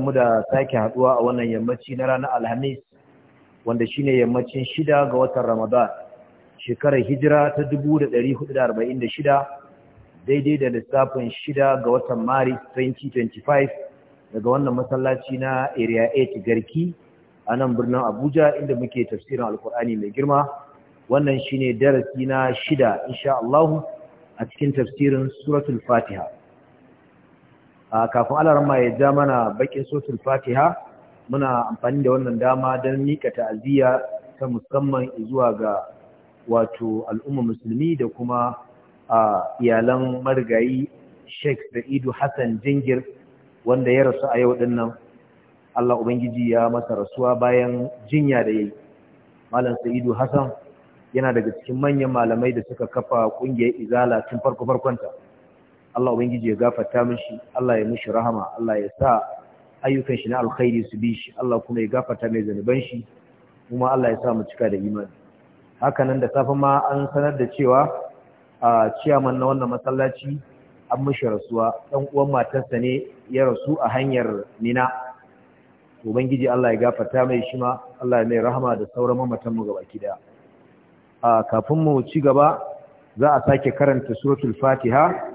mu da sake haduwa a wannan yammaci na ranar alhamis wanda shine yammacin shida ga watan ramadan shekarar hijira ta 1446 daidai da lissafin shida ga watan maris 2025 daga wannan masallaci na area 8 garki a nan birnin abuja inda muke tafsirin alkur'ani mai girma wannan shine darasi na shida insha Allah a cikin tafsirin suratul fatiha kafin ma ya ja mana bakin sotul fatiha muna amfani da wannan dama don mika ta'aziyya ta musamman zuwa ga wato al'umma musulmi da kuma iyalan marigayi sheikh sa'idu hassan jingir wanda ya rasu a yau dinnan allah ubangiji ya masa rasuwa bayan jinya da yayi malam sa'idu hassan yana daga cikin manyan malamai da suka kafa kungiyar izala tun farko farkonta Allah ubangiji ya gafarta mishi Allah ya mishi rahama Allah ya sa ayyukan shi na alkhairi su bi shi Allah kuma ya gafarta mai zanuban shi kuma Allah ya sa mu cika da imani haka nan da safe ma an sanar da cewa a ciyaman na wannan masallaci an mishi rasuwa dan uwan matarsa ne ya rasu a hanyar Mina ubangiji Allah ya gafarta mai shi ma Allah ya mai rahama da sauran mamatan mu gaba kida a kafin mu ci gaba za a sake karanta suratul fatiha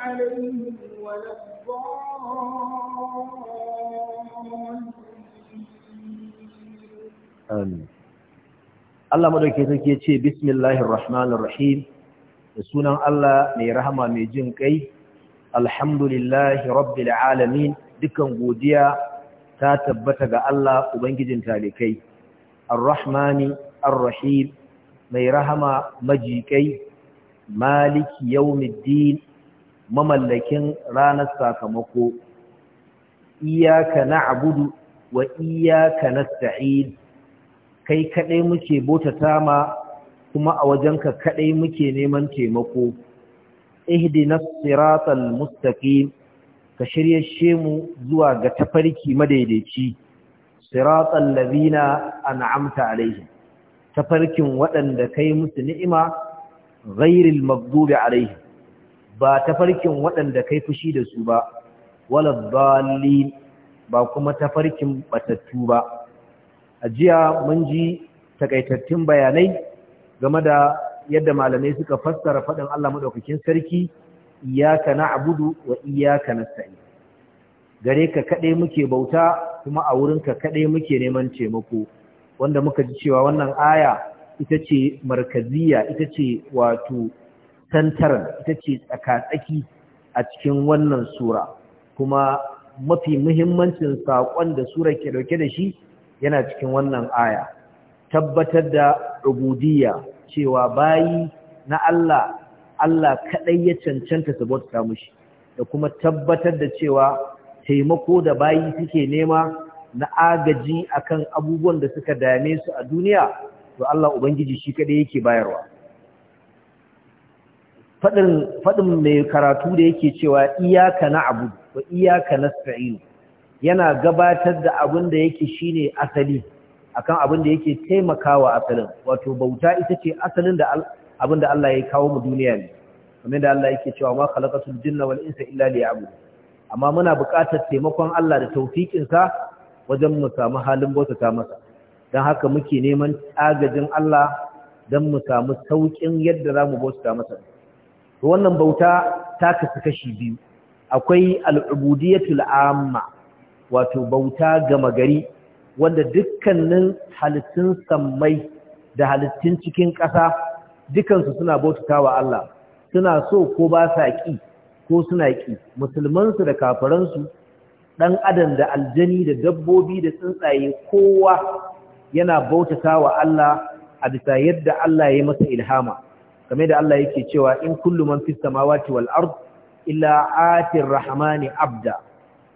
عليهم ولا الضالين Allah madauke take ce bismillahir rahmanir rahim da sunan Allah mai rahama mai jin kai alhamdulillahi rabbil alamin dukan godiya ta tabbata ga Allah ubangijin talikai arrahmani arrahim mai rahama majikai maliki yawmiddin mamallakin ranar sakamako iyaka na na'budu wa iyaka na Sa'id. kai kadai muke bota ma kuma a wajenka kadai muke neman taimako ihdina siratal mustaqim ka shiryashe mu zuwa ga tafarki madaidaici siratal ladina an'amta alaihim tafarkin waɗanda kai musu ni'ima ghairil maghdubi alaihim ba tafarkin waɗanda kai fushi da su ba wala dalil ba kuma tafarkin batattu ba a jiya mun ji takaitattun bayanai game da yadda malamai suka fassara faɗin Allah madaukakin sarki iyyaka na'budu wa iyyaka nasta'in gare ka kaɗai muke bauta kuma a wurin ka kaɗai muke neman taimako wanda muka ji cewa wannan aya ita ce markaziya ita ce wato tantaran ita ce tsakatsaki a cikin wannan sura kuma mafi muhimmancin saƙon da sura ke ɗauke da shi yana cikin wannan aya tabbatar da rubudiyya cewa bayi na Allah Allah kaɗai ya cancanta su bauta mushi da kuma tabbatar da cewa taimako da bayi suke nema na agaji akan abubuwan da suka dame su a duniya to Allah ubangiji shi kaɗai yake bayarwa faɗin mai karatu da yake cewa iyaka na wa iyaka na sa'ilu yana gabatar da abin da yake shine asali akan abin da yake taimakawa asalin wato bauta ita ce asalin da abin da Allah ya kawo mu duniya ne kamar da Allah yake cewa ma khalaqatul jinna wal insa illa liya'budu amma muna buƙatar taimakon Allah da taufikin sa wajen mu samu halin bautata masa dan haka muke neman agajin Allah dan mu samu saukin yadda zamu bautata masa to wannan bauta ta kasu kashi biyu akwai al'ubudiyatul amma wato bauta gama gari wanda dukkanin halittun sammai da halittun cikin ƙasa dukansu suna bautata wa Allah suna so ko ba sa ƙi ko suna ƙi musulmansu da kafuransu, ɗan adam da aljani da dabbobi da tsuntsaye kowa yana bautata wa Allah a bisa yadda Allah ya masa ilhama kamar da Allah yake cewa in kullum man fi samawati wal ard illa atir rahmani abda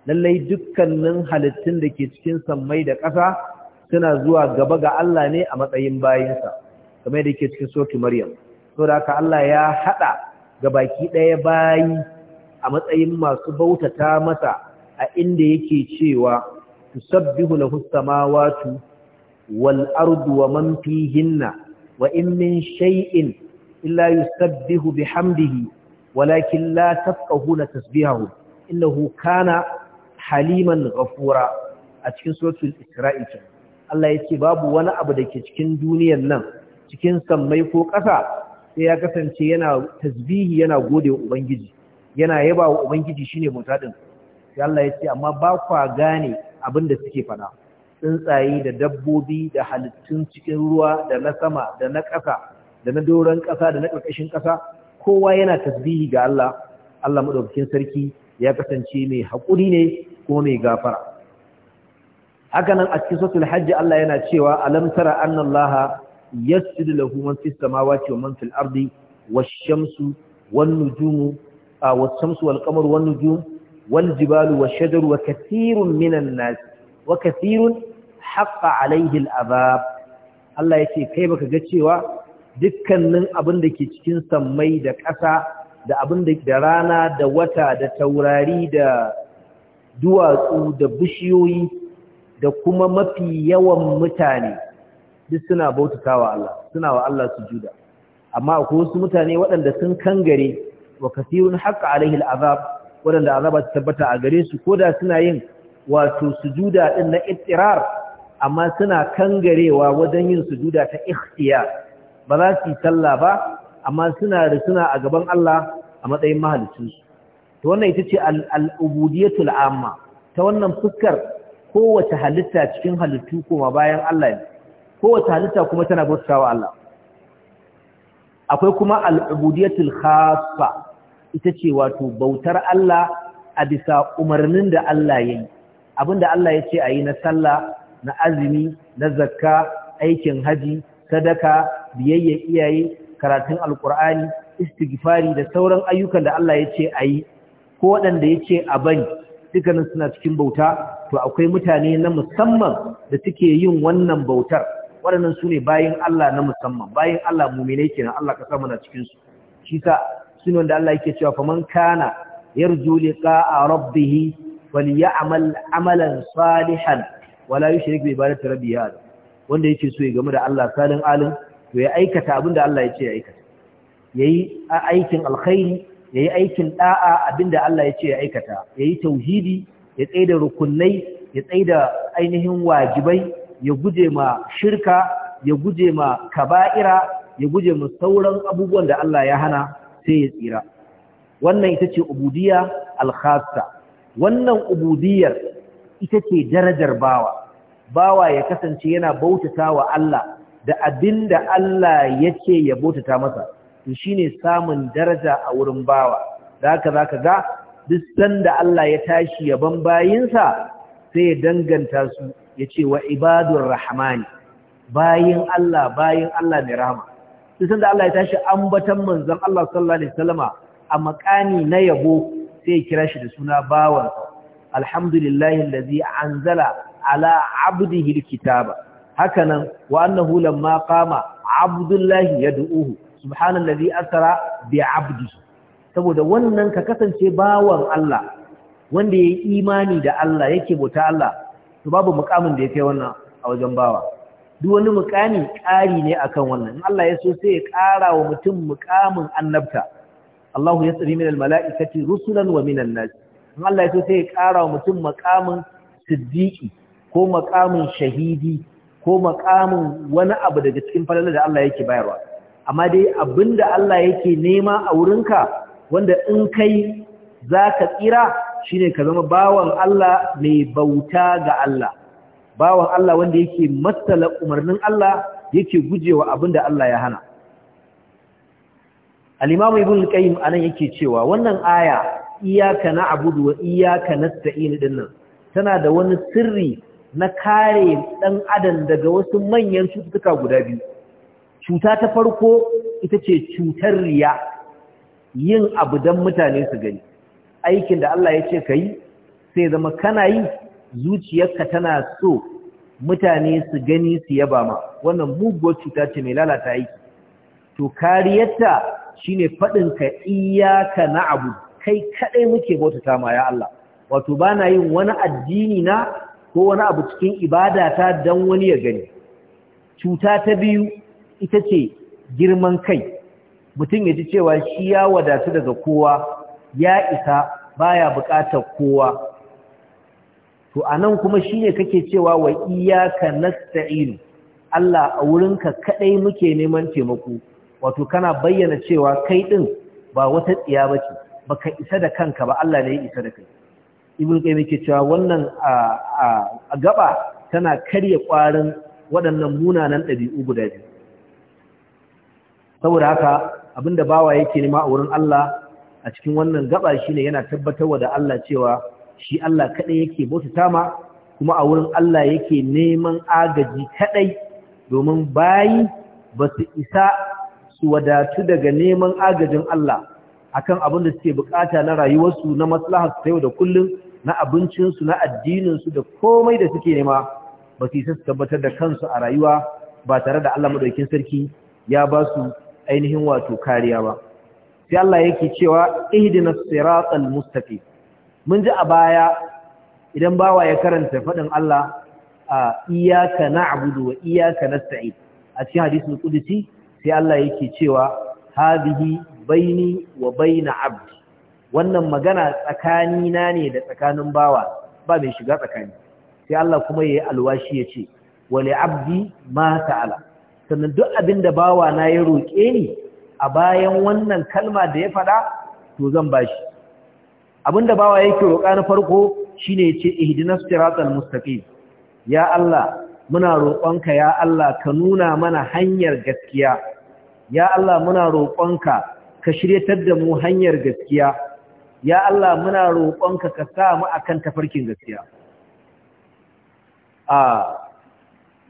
lallai dukkanin halittun da ke cikin sammai da ƙasa suna zuwa gaba ga Allah ne a matsayin bayinsa kamar da yake cikin suratul maryam saboda haka Allah ya hada gabaki ɗaya bayi a matsayin masu bautata masa a inda yake cewa tusabbihu lahu samawati wal ardu wa man fihinna wa in min shay'in illa yusabbihu bihamdihi walakin la tafqahuna tasbihahu innahu kana haliman gafura a cikin suratul isra'i Allah ya ce babu wani abu da ke cikin duniyar nan cikin sammai ko ƙasa sai ya kasance yana tasbihi yana gode ubangiji yana yaba ubangiji shine bauta din Allah ya ce amma ba gane abin da suke faɗa. tsuntsaye da dabbobi da halittun cikin ruwa da na sama da na ƙasa da na doron ƙasa da na ƙarƙashin ƙasa kowa yana tasbihi ga Allah Allah madaukakin sarki ya kasance mai haƙuri ne kuma mai gafara haka nan a cikin suratul hajji Allah yana cewa alam tara anna Allah yasjudu lahu man fis samawati wa man fil ardi wash-shamsu wan-nujumu wash-shamsu wal-qamaru wan-nujum wal-jibalu wash-shajaru wa kathirun minan nas wa kathirun haqqa alayhi al-azab Allah yace kai baka ga cewa dukkanin abin da ke cikin sammai da ƙasa da abin da rana da wata da taurari da duwatsu da bishiyoyi da kuma mafi yawan mutane duk suna bautatawa Allah suna wa Allah sujuda amma akwai wasu mutane waɗanda sun kangare wa kasirun haqqi alaihi al'azab waɗanda azaba ta tabbata a gare su koda suna yin wato sujuda din na ittirar amma suna kangarewa wajen yin sujuda ta ikhtiyar ba za su yi sallah ba amma suna risuna a gaban Allah a matsayin mahalicinsu to wannan ita ce al'ubudiyatul amma ta wannan fuskar kowace halitta cikin halittu kuma bayan Allah ne kowace halitta kuma tana bautawa Allah akwai kuma al'ubudiyatul khassa ita ce wato bautar Allah a bisa umarnin da Allah ya yi abinda Allah ya ce a yi na sallah na azumi na zakka aikin haji sadaka biyayyar iyaye karatun alkur'ani istighfari da sauran ayyukan da Allah ya ce a yi ko waɗanda ya ce a bari dukkanin suna cikin bauta to akwai mutane na musamman da suke yin wannan bautar waɗannan su ne bayan Allah na musamman bayan Allah muminai kenan Allah ka samu na cikin su shi sa sune wanda Allah yake cewa faman kana yarju liqa'a rabbih falyamal amalan salihan wala yushrik bi ibadati rabbih wanda yake so ya game da Allah salin alin to ya aikata abin da Allah ya ce ya aikata yayi aikin alkhairi yayi aikin da'a abin da Allah ya ce ya aikata yayi tauhidi ya tsaida rukunai ya tsaida ainihin wajibai ya guje ma shirka ya guje ma kaba'ira ya guje ma sauran abubuwan da Allah ya hana sai ya tsira wannan ita ce ubudiyya alkhassa wannan ubudiyar ita ce darajar bawa bawa ya kasance yana bautata wa Allah da abin da Allah ya ce ya bautata masa to shine samun daraja a wurin bawa ka-za zaka ga duk sanda Allah ya tashi yaban bayinsa sai ya danganta su ya ce wa ibadur rahmani bayin Allah bayin Allah mai rahama duk sanda Allah ya tashi ambatan manzon Allah sallallahu alaihi a makani na yabo sai ya kira shi da suna bawansa alhamdulillahi allazi anzala ala abdihi alkitaba hakanan wa annahu lamma qama abdullahi yad'uhu subhanallazi asra bi abdihi saboda wannan ka kasance bawan Allah wanda yayi imani da Allah yake bauta Allah to babu mukamin da yake wannan a wajen bawa duk wani mukami ƙari ne akan wannan in Allah ya so sai ya ƙara wa mutum mukamin annabta Allahu yasri min almalaikati rusulan wa min nas in Allah ya so sai ya ƙara wa mutum mukamin siddiqi ko mukamin shahidi ko makamin wani abu daga cikin falalar da Allah yake bayarwa amma dai abinda Allah yake nema a wurinka wanda in kai zaka tsira shine ka zama bawan Allah mai bauta ga Allah bawan Allah wanda yake matsala umarnin Allah yake gujewa abinda Allah ya hana al imam ibn qayyim anan yake cewa wannan aya iyyaka na'budu wa iyyaka nasta'in dinnan tana da wani sirri na kare ɗan adam daga wasu manyan cututtuka guda biyu cuta ta farko ita ce cutar riya yin abu don mutane su gani aikin da Allah ya ce ka yi sai zama kana yi zuciyarka tana so mutane su gani su yaba ma wannan muguwar cuta ce mai lalata aiki to kariyarta shine faɗin ka iyaka na abu kai kaɗai muke bautata ma ya Allah wato ba na yin wani addini na ko wani abu cikin ibada ta don wani ya gani cuta ta biyu ita ce girman kai mutum ya ji cewa shi ya wadatu daga kowa ya isa baya buƙatar kowa to anan kuma shine kake cewa wa iyyaka nasta'in Allah a wurinka kadai muke neman taimako wato kana bayyana cewa kai din ba wata tsiya bace baka isa da kanka ba Allah ne ya isa da kai ibn qayyim yake cewa wannan a gaba tana karya ƙwarin waɗannan munanan ɗabi'u guda biyu saboda haka abinda bawa yake nema a wurin Allah a cikin wannan gaba shine yana tabbatarwa da Allah cewa shi Allah kadai yake bauta ma kuma a wurin Allah yake neman agaji kadai domin bayi ba su isa su wadatu daga neman agajin Allah akan abin da suke bukata na rayuwarsu na maslahar su yau da kullum na abincinsu na addininsu da komai da suke nema ba su yi su tabbatar da kansu a rayuwa ba tare da Allah madaukakin sarki ya ba su ainihin wato kariya ba sai Allah yake cewa ihdinas siratal mustaqim mun ji a baya idan bawa ya karanta faɗin Allah a iyyaka na'budu wa iyyaka nasta'in a cikin hadisin qudsi sai Allah yake cewa hadhihi baini wa baina abdi wannan magana tsakani na ne da tsakanin bawa ba mai shiga tsakani sai Allah kuma yayi alwashi yace wali abdi ma ta'ala sannan duk abin da bawa na ya roke ni a bayan wannan kalma da ya fada to zan bashi abinda bawa yake roka na farko shine yace ihdinas siratal mustaqim ya Allah muna roƙonka ya Allah ka nuna mana hanyar gaskiya ya Allah muna roƙonka ka shiryatar da mu hanyar gaskiya ya Allah muna roƙonka ka sa mu akan tafarkin gaskiya a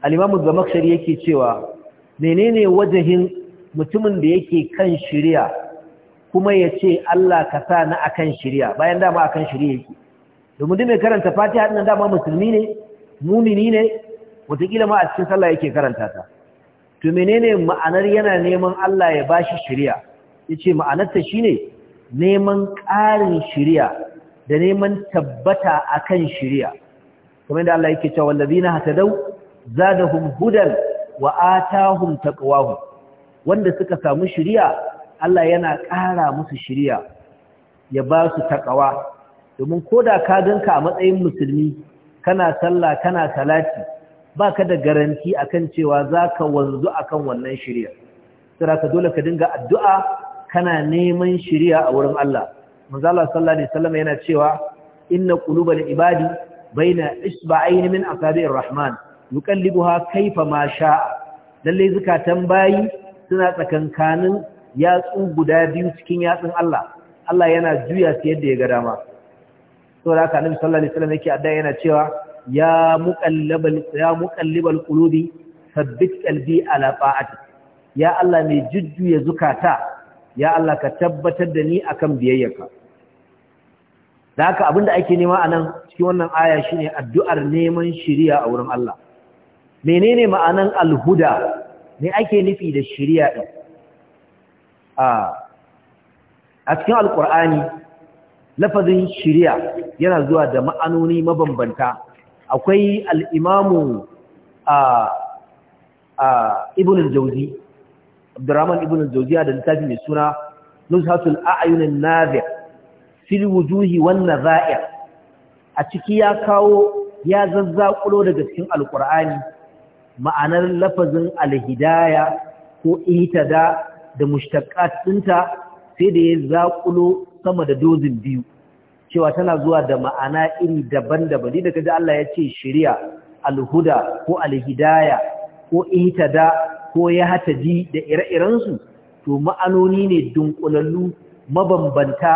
al-imamu zamakshari yake cewa menene wajahin mutumin da yake kan shari'a kuma ya ce Allah ka sa na akan shari'a bayan dama akan shari'a yake domin dume mai karanta fatiha din dama musulmi ne mumini ne wataƙila ma a cikin sallah yake karanta ta to menene ma'anar yana neman Allah ya bashi shari'a yace ma'anarta shine neman ƙarin shiriya da neman tabbata akan shiriya kamar da Allah yake cewa wallazina hatadaw zadahum hudan wa atahum taqwahum wanda suka samu shiriya Allah yana ƙara musu shiriya ya ba su taqwa domin da ka ganka a matsayin musulmi kana sallah kana salati baka da garanti akan cewa zaka wanzu akan wannan shiriya sai ka dole ka dinga addu'a kana neman shiriya a wurin Allah manzo sallallahu alaihi wasallam yana cewa inna qulubal ibadi baina isba'ayn min asabi'ir rahman yuqallibuha kayfa ma sha'a lalle zukatan bayi suna tsakankanin yatsu guda biyu cikin yatsun Allah Allah yana juya su yadda ya ga dama saboda haka annabi sallallahu alaihi wasallam yake adda yana cewa ya muqallibal ya muqallibal qulubi thabbit ala ta'ati ya Allah mai jujjuya zukata ya Allah ka tabbatar da ni akan biyayyarka da haka abinda ake nema a nan cikin wannan aya shine addu'ar neman shiriya a wurin Allah menene ma'anan alhuda ne ake nufi da shiriya din a cikin alkur'ani lafazin shiriya yana zuwa da ma'anoni mabambanta akwai al'imamu a ibn al-jauzi Abdurrahman ibn Jawziya da littafi mai suna Nuzhatul A'yunin Nazir fil wujuhi wan nazair a ciki ya kawo ya zazzakulo daga cikin alqur'ani ma'anar lafazin alhidaya ko ihtada da mushtaqat dinta sai da ya zakulo sama da dozin biyu cewa tana zuwa da ma'ana iri daban-daban da Allah ya ce shari'a alhuda ko alhidaya ko ihtada ko ya ji da ire-irensu to ma'anoni ne dunkulallu mabambanta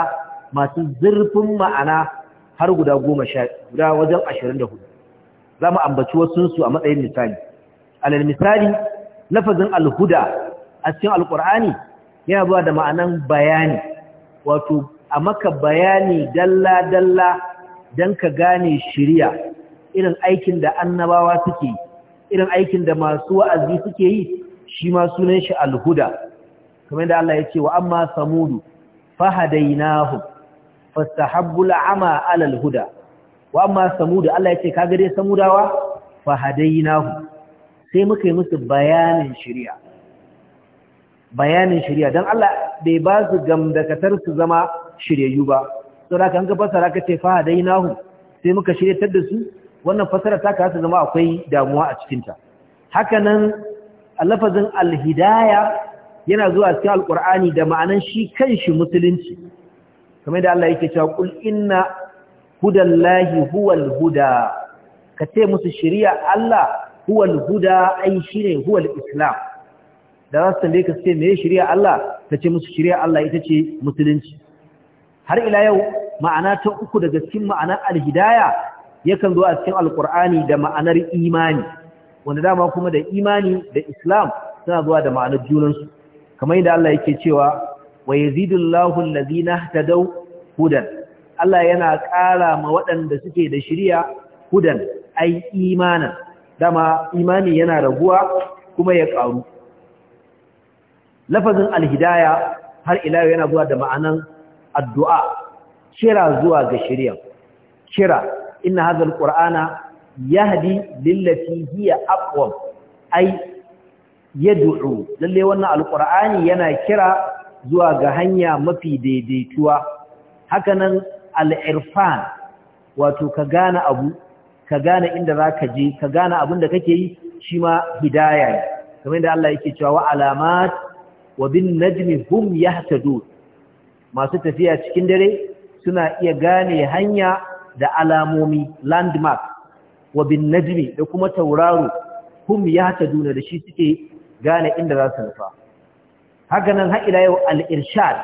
masu zurfin ma'ana har guda goma guda wajen ashirin da hudu za mu ambaci wasunsu a matsayin misali alal misali lafazin alhuda a cikin alkur'ani yana zuwa da ma'anan bayani wato a maka bayani dalla-dalla don ka gane shirya irin aikin da annabawa suke irin aikin da masu wa'azi suke yi shi ma sunan shi alhuda kamar da Allah ya ce wa amma samudu fahadainahum fastahabbu al'ama 'ala alhuda wa amma samudu Allah ya ce kaga dai samudawa fahadainahum sai muka yi musu bayanin shari'a bayanin shari'a dan Allah bai ba su gamdakatar su zama shiryayyu ba saboda kan ga fasara ka ce fahadainahum sai muka shiryatar da su wannan fasara ta ka zama akwai damuwa a cikin ta haka nan lafazin alhidaya yana zuwa cikin alkur'ani da ma'anan shi kanshi musulunci kamar da Allah yake cewa kul inna hudallahi huwal huda ka ce musu shari'a Allah huwal huda ai shine huwal islam da za su tambaye ka ce meye shari'a Allah ka ce musu shari'a Allah ita ce musulunci har ila yau ma'ana ta uku daga cikin ma'anar alhidaya yakan zo a cikin alkur'ani da ma'anar imani wanda dama kuma da imani da islam suna zuwa da ma'anar junansu kamar yadda Allah yake cewa wa yazidullahu allazina tadaw hudan Allah yana ƙara ma waɗanda suke da shiriya hudan ai imana dama imani yana raguwa kuma ya ƙaru lafazin alhidaya har ila yana zuwa da ma'anar addu'a kira zuwa ga shiriya kira inna hadha alqur'ana yahdi lillati hiya aqwam ay yad'u lalle wannan alqur'ani yana kira zuwa ga hanya mafi daidaituwa hakanan al-irfan wato ka gane abu ka gane inda zaka je ka gane abin da kake yi shi ma hidaya ne kamar yadda Allah yake cewa wa alamat wa bin najmi hum yahtadun masu tafiya cikin dare suna iya gane hanya da alamomi landmark wa bin najmi da kuma tauraro hum duna da shi suke gane inda za su nufa haka nan har yau al-irshad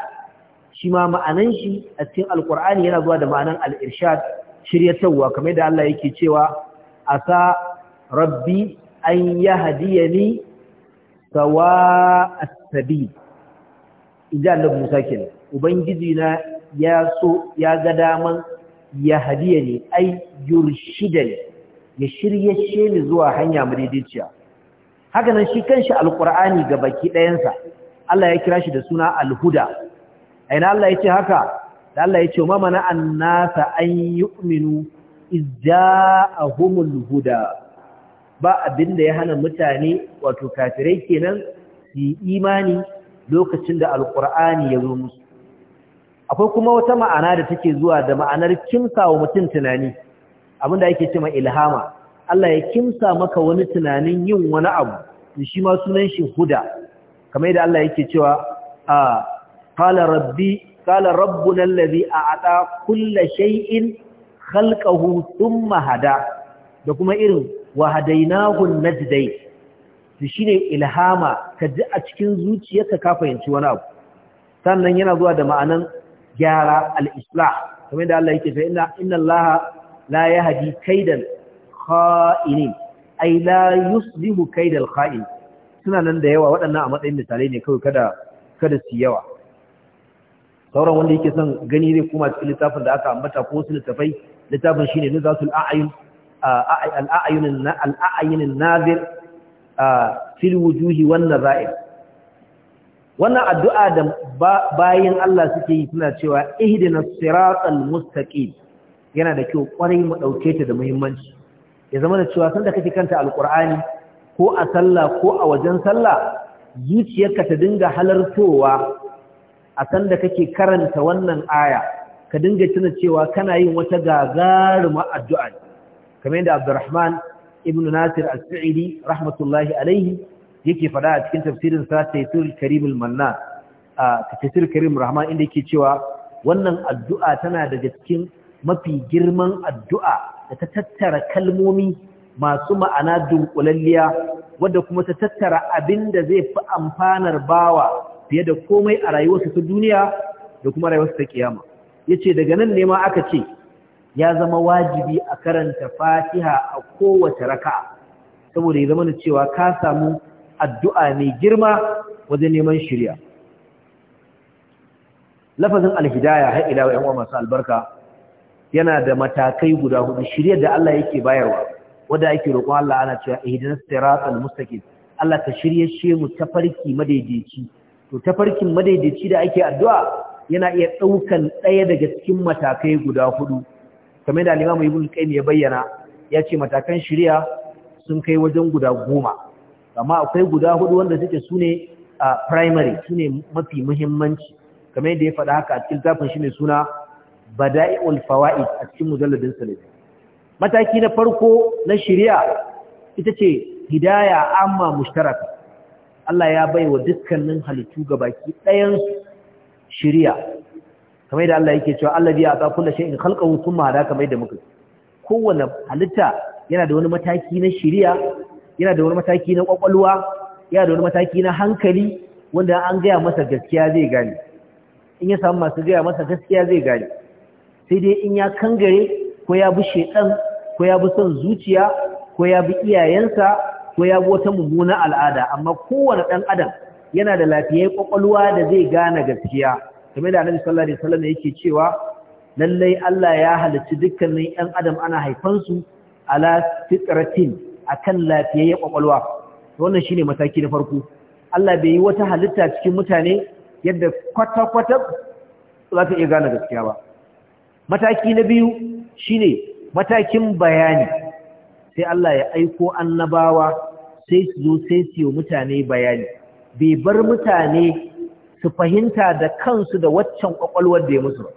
shi ma ma'anan shi a cikin Alƙur'ani yana zuwa da ma'anan al shiryatawa kamar da Allah yake cewa sa rabbi an yahdiyani sawa as-sabil inda Allah Musa kenan ubangiji na ya so ya ga daman yahdiyani ai yurshidani ya shirye shi ni zuwa hanya madaidaiciya haka nan shi kanshi alqur'ani ga baki ɗayansa Allah ya kira shi da suna alhuda ina Allah ya haka da Allah ya ce ma mana annasa an yu'minu izja'ahumul huda ba abin da ya hana mutane wato kafirai kenan su imani lokacin da alqur'ani ya zo musu akwai kuma wata ma'ana da take zuwa da ma'anar kimsa wa mutum tunani abinda ake ce ma ilhama Allah ya kimsa maka wani tunanin yin wani abu to shi ma sunan shi huda kamar yadda Allah yake cewa a qala rabbi qala rabbuna a'ata kulla shay'in khalqahu thumma hada da kuma irin wa hadainahu najdai to shine ilhama ka ji a cikin zuciyarka ka fahimci wani abu sannan yana zuwa da ma'anan gyara al-islah kamar yadda Allah yake cewa inna inna la yahdi kaidal kha'inin ai la yuslihu kaidal kha'in suna nan da yawa waɗannan a matsayin misalai ne kawai kada kada su yawa sauran wanda yake son gani zai kuma cikin littafin da aka ambata ko su littafai littafin shine nuzatul a'yun al-a'yun al-a'yun an-nazir fil wujuhi wan nazair wannan addu'a da bayan Allah suke yi suna cewa ihdinas siratal mustaqim yana da kyau kwarai mu ɗauke ta da muhimmanci ya zama da cewa sanda kake kanta alkur'ani ko a sallah ko a wajen sallah zuciyarka ta dinga halartowa a sanda kake karanta wannan aya ka dinga tuna cewa kana yin wata gagaruma addu'a kamar yadda Abdurrahman ibn Nasir al saidi rahmatullahi alaihi yake fada a cikin tafsirin sa Tafsirul Karim a Tafsir Karim Rahman inda yake cewa wannan addu'a tana daga cikin mafi girman addu'a da ta tattara kalmomi masu ma'ana dunkulalliya wadda kuma ta tattara abin da zai fi amfanar bawa fiye da komai a rayuwarsa ta duniya da kuma rayuwarsa ta kiyama ya ce daga nan nema aka ce ya zama wajibi a karanta Fatiha a kowace raka'a saboda ya zama da cewa ka samu addu'a mai girma wajen neman shirya lafazin alhidaya har ila wa 'yan uwa masu albarka yana da matakai guda hudu shiryar da Allah yake bayarwa wanda ake roƙon Allah ana cewa ihdinas siratal mustaqim Allah ka shirye shi mu tafarki madaidaici to tafarkin madaidaici da ake addu'a yana iya daukan ɗaya daga cikin matakai guda hudu kamar da Imam Ibn Qayyim ya bayyana ya ce matakan shirya sun kai wajen guda goma amma akwai guda hudu wanda suke sune a primary sune mafi muhimmanci kamar yadda ya faɗa haka a cikin tafin shi ne suna bada'i'ul fawaid a cikin mujalladin sa mataki na farko na shari'a ita ce hidaya amma mushtaraka Allah ya baiwa dukkanin halittu gabaki ɗayan shari'a kamar yadda Allah yake cewa Allah biya ta kullu shay'in khalqahu thumma hada kamar yadda muke kowanne halitta yana da wani mataki na shari'a yana da wani mataki na kwakwalwa yana da wani mataki na hankali wanda an gaya masa gaskiya zai gane in ya samu masu gaya masa gaskiya zai gane sai dai in ya kangare ko ya bi shedan ko ya bi son zuciya ko ya bi iyayensa ko ya bi wata mummuna al'ada amma kowane ɗan adam yana da lafiyayyen kwakwalwa da zai gane gaskiya kamar da Annabi sallallahu alaihi wasallam yake cewa lallai Allah ya halicci dukkanin ɗan adam ana haifansu ala fitratin akan lafiyayyen kwakwalwa wannan shine mataki na farko Allah bai yi wata halitta cikin mutane yadda kwata-kwata za ta iya gane gaskiya ba mataki na biyu shine matakin bayani sai Allah ya aiko annabawa sai su zo sai su yi mutane bayani bai bar mutane su fahimta da kansu da waccan kwakwalwar da ya musu ba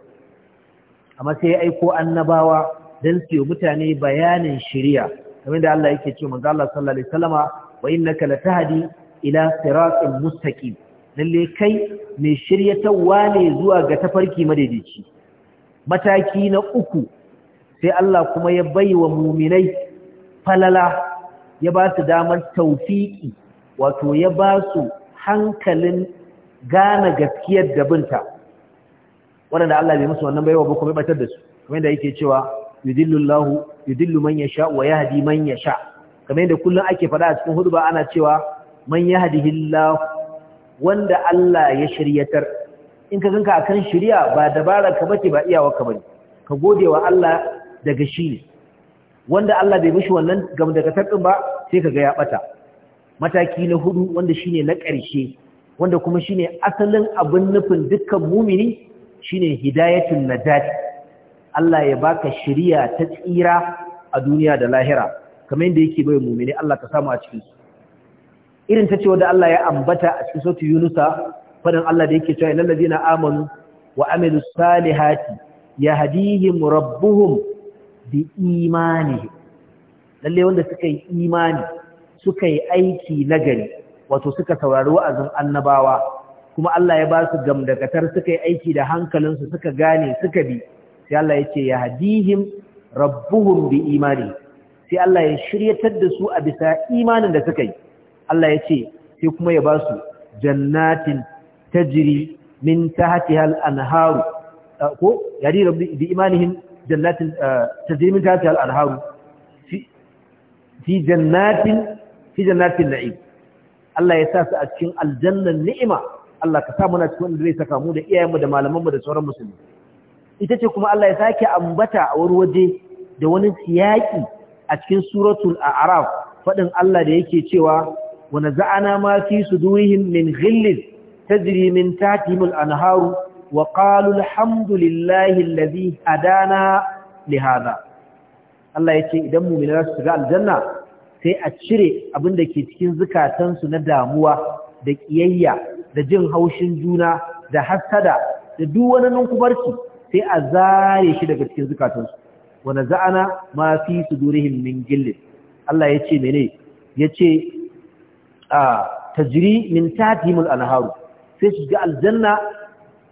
amma sai ya aiko annabawa don su yi mutane bayanin shiriya kamar da Allah yake ce manzo Allah sallallahu alaihi wasallama wa innaka latahdi ila siratin mustaqim lalle kai mai shiryatawa ne zuwa ga tafarki madaidaici mataki na uku sai Allah kuma ya bai wa muminai falala ya ba su damar taufiki wato ya ba su hankalin gane gaskiyar da binta waɗanda Allah bai musu wannan baiwa ba kuma batar da su kamar yadda yake cewa yudillullahu yudillu man yasha wa yahdi man yasha kamar yadda kullun ake faɗa a cikin ba ana cewa man yahdihillahu wanda Allah ya shiryatar in ka ganka akan shari'a ba dabara ka bace ba iyawa ka bane ka gode wa Allah daga shi ne wanda Allah bai mishi wannan gam daga takin ba sai ka ga ya bata mataki na hudu wanda shine na ƙarshe wanda kuma shine asalin abin nufin dukkan mumini shine hidayatul najat Allah ya baka shari'a ta tsira a duniya da lahira kamar yadda yake bai mumini Allah ka samu a cikin irin ta ce wanda Allah ya ambata a cikin sautu Yunusa fadan Allah da yake cewa innal amanu wa amilu salihati yahdihim rabbuhum bi imani lalle wanda suka yi imani suka yi aiki nagari wato suka saurari wa'azin annabawa kuma Allah ya ba su gamdagatar suka yi aiki da hankalinsu suka gane suka bi sai Allah ya ce yahdihim rabbuhum bi imani sai Allah ya shiryatar da su a bisa imanin da suka yi Allah ya ce sai kuma ya ba su jannatin tajri min tahtiha al-anharu eh, ko yari rabbi bi imanihim jannatin eh, tajri min tahtiha al fi jannatin na'im Allah ya sa su a cikin aljannan ni'ima Allah ka sa muna cikin wanda zai saka da iyayenmu da malamanmu da sauran musulmi ita ce kuma Allah ya sake ambata a wani waje da wani siyaki a cikin suratul a'raf fadin Allah da yake cewa wa naza'ana ma fi sudurihim min ghillin تجري من تحتهم الأنهار وقالوا الحمد لله الذي هدانا لهذا Allah ya ce idan mumina za su shiga aljanna sai a cire abin da ke cikin zukatansu na damuwa da ƙiyayya da jin haushin juna da hassada da duk wani ninkubarci sai a zare shi daga cikin zukatansu wa naza'ana ma fi sudurihim min gillin Allah ya ce mene ya ce a tajri min anharu sai shiga aljanna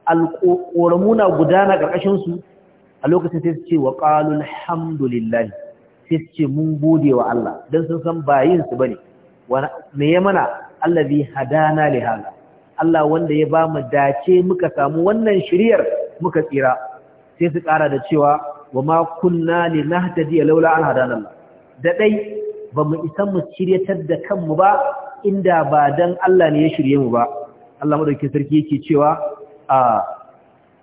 alƙoramuna gudana ƙarƙashinsu a lokacin sai su ce wa ƙalun hamdulillahi sai su ce mun gode wa Allah don sun san bayinsu ba ne me ya mana Allah bi hadana li Allah wanda ya ba mu dace muka samu wannan shiryar muka tsira sai su ƙara da cewa wa ma kunna li nahtadiya laula an hadana Allah da ɗai ba mu isa mu shiryatar da kanmu ba inda ba dan Allah ne ya shirye mu ba Allah madaukakin sarki yake cewa a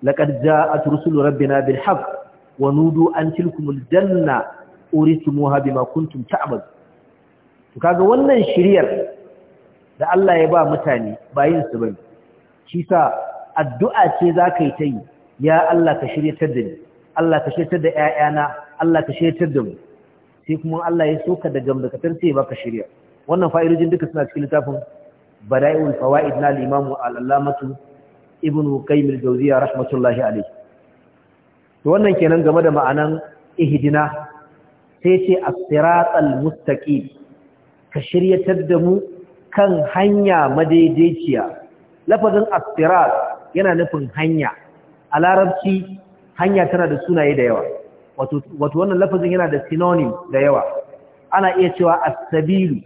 laqad ja'at rusulu rabbina bil haqq wa nudu an tilkumul janna uritumuha bima kuntum ta'mal to kaga wannan shiriyar da Allah ya ba mutane bayin su bane shi sa addu'a ce zaka yi ta yi ya Allah ka shiryatar da ni Allah ka shiryatar da ƴaƴana Allah ka shiryatar da mu sai kuma Allah ya soka da gamdakatar ka ya baka shiriya wannan fa'idojin duka suna cikin littafin bada'ul fawaid na limamu al-allamatu ibnu qayyim al-jawziyya rahmatullahi alayhi to wannan kenan game da ma'anan ihdina sai ce as-siratal mustaqim ka shiryatar da mu kan hanya madaidaiciya lafazin as-sirat yana nufin hanya a larabci hanya tana da sunaye da yawa wato wannan lafazin yana da synonym da yawa ana iya cewa as-sabilu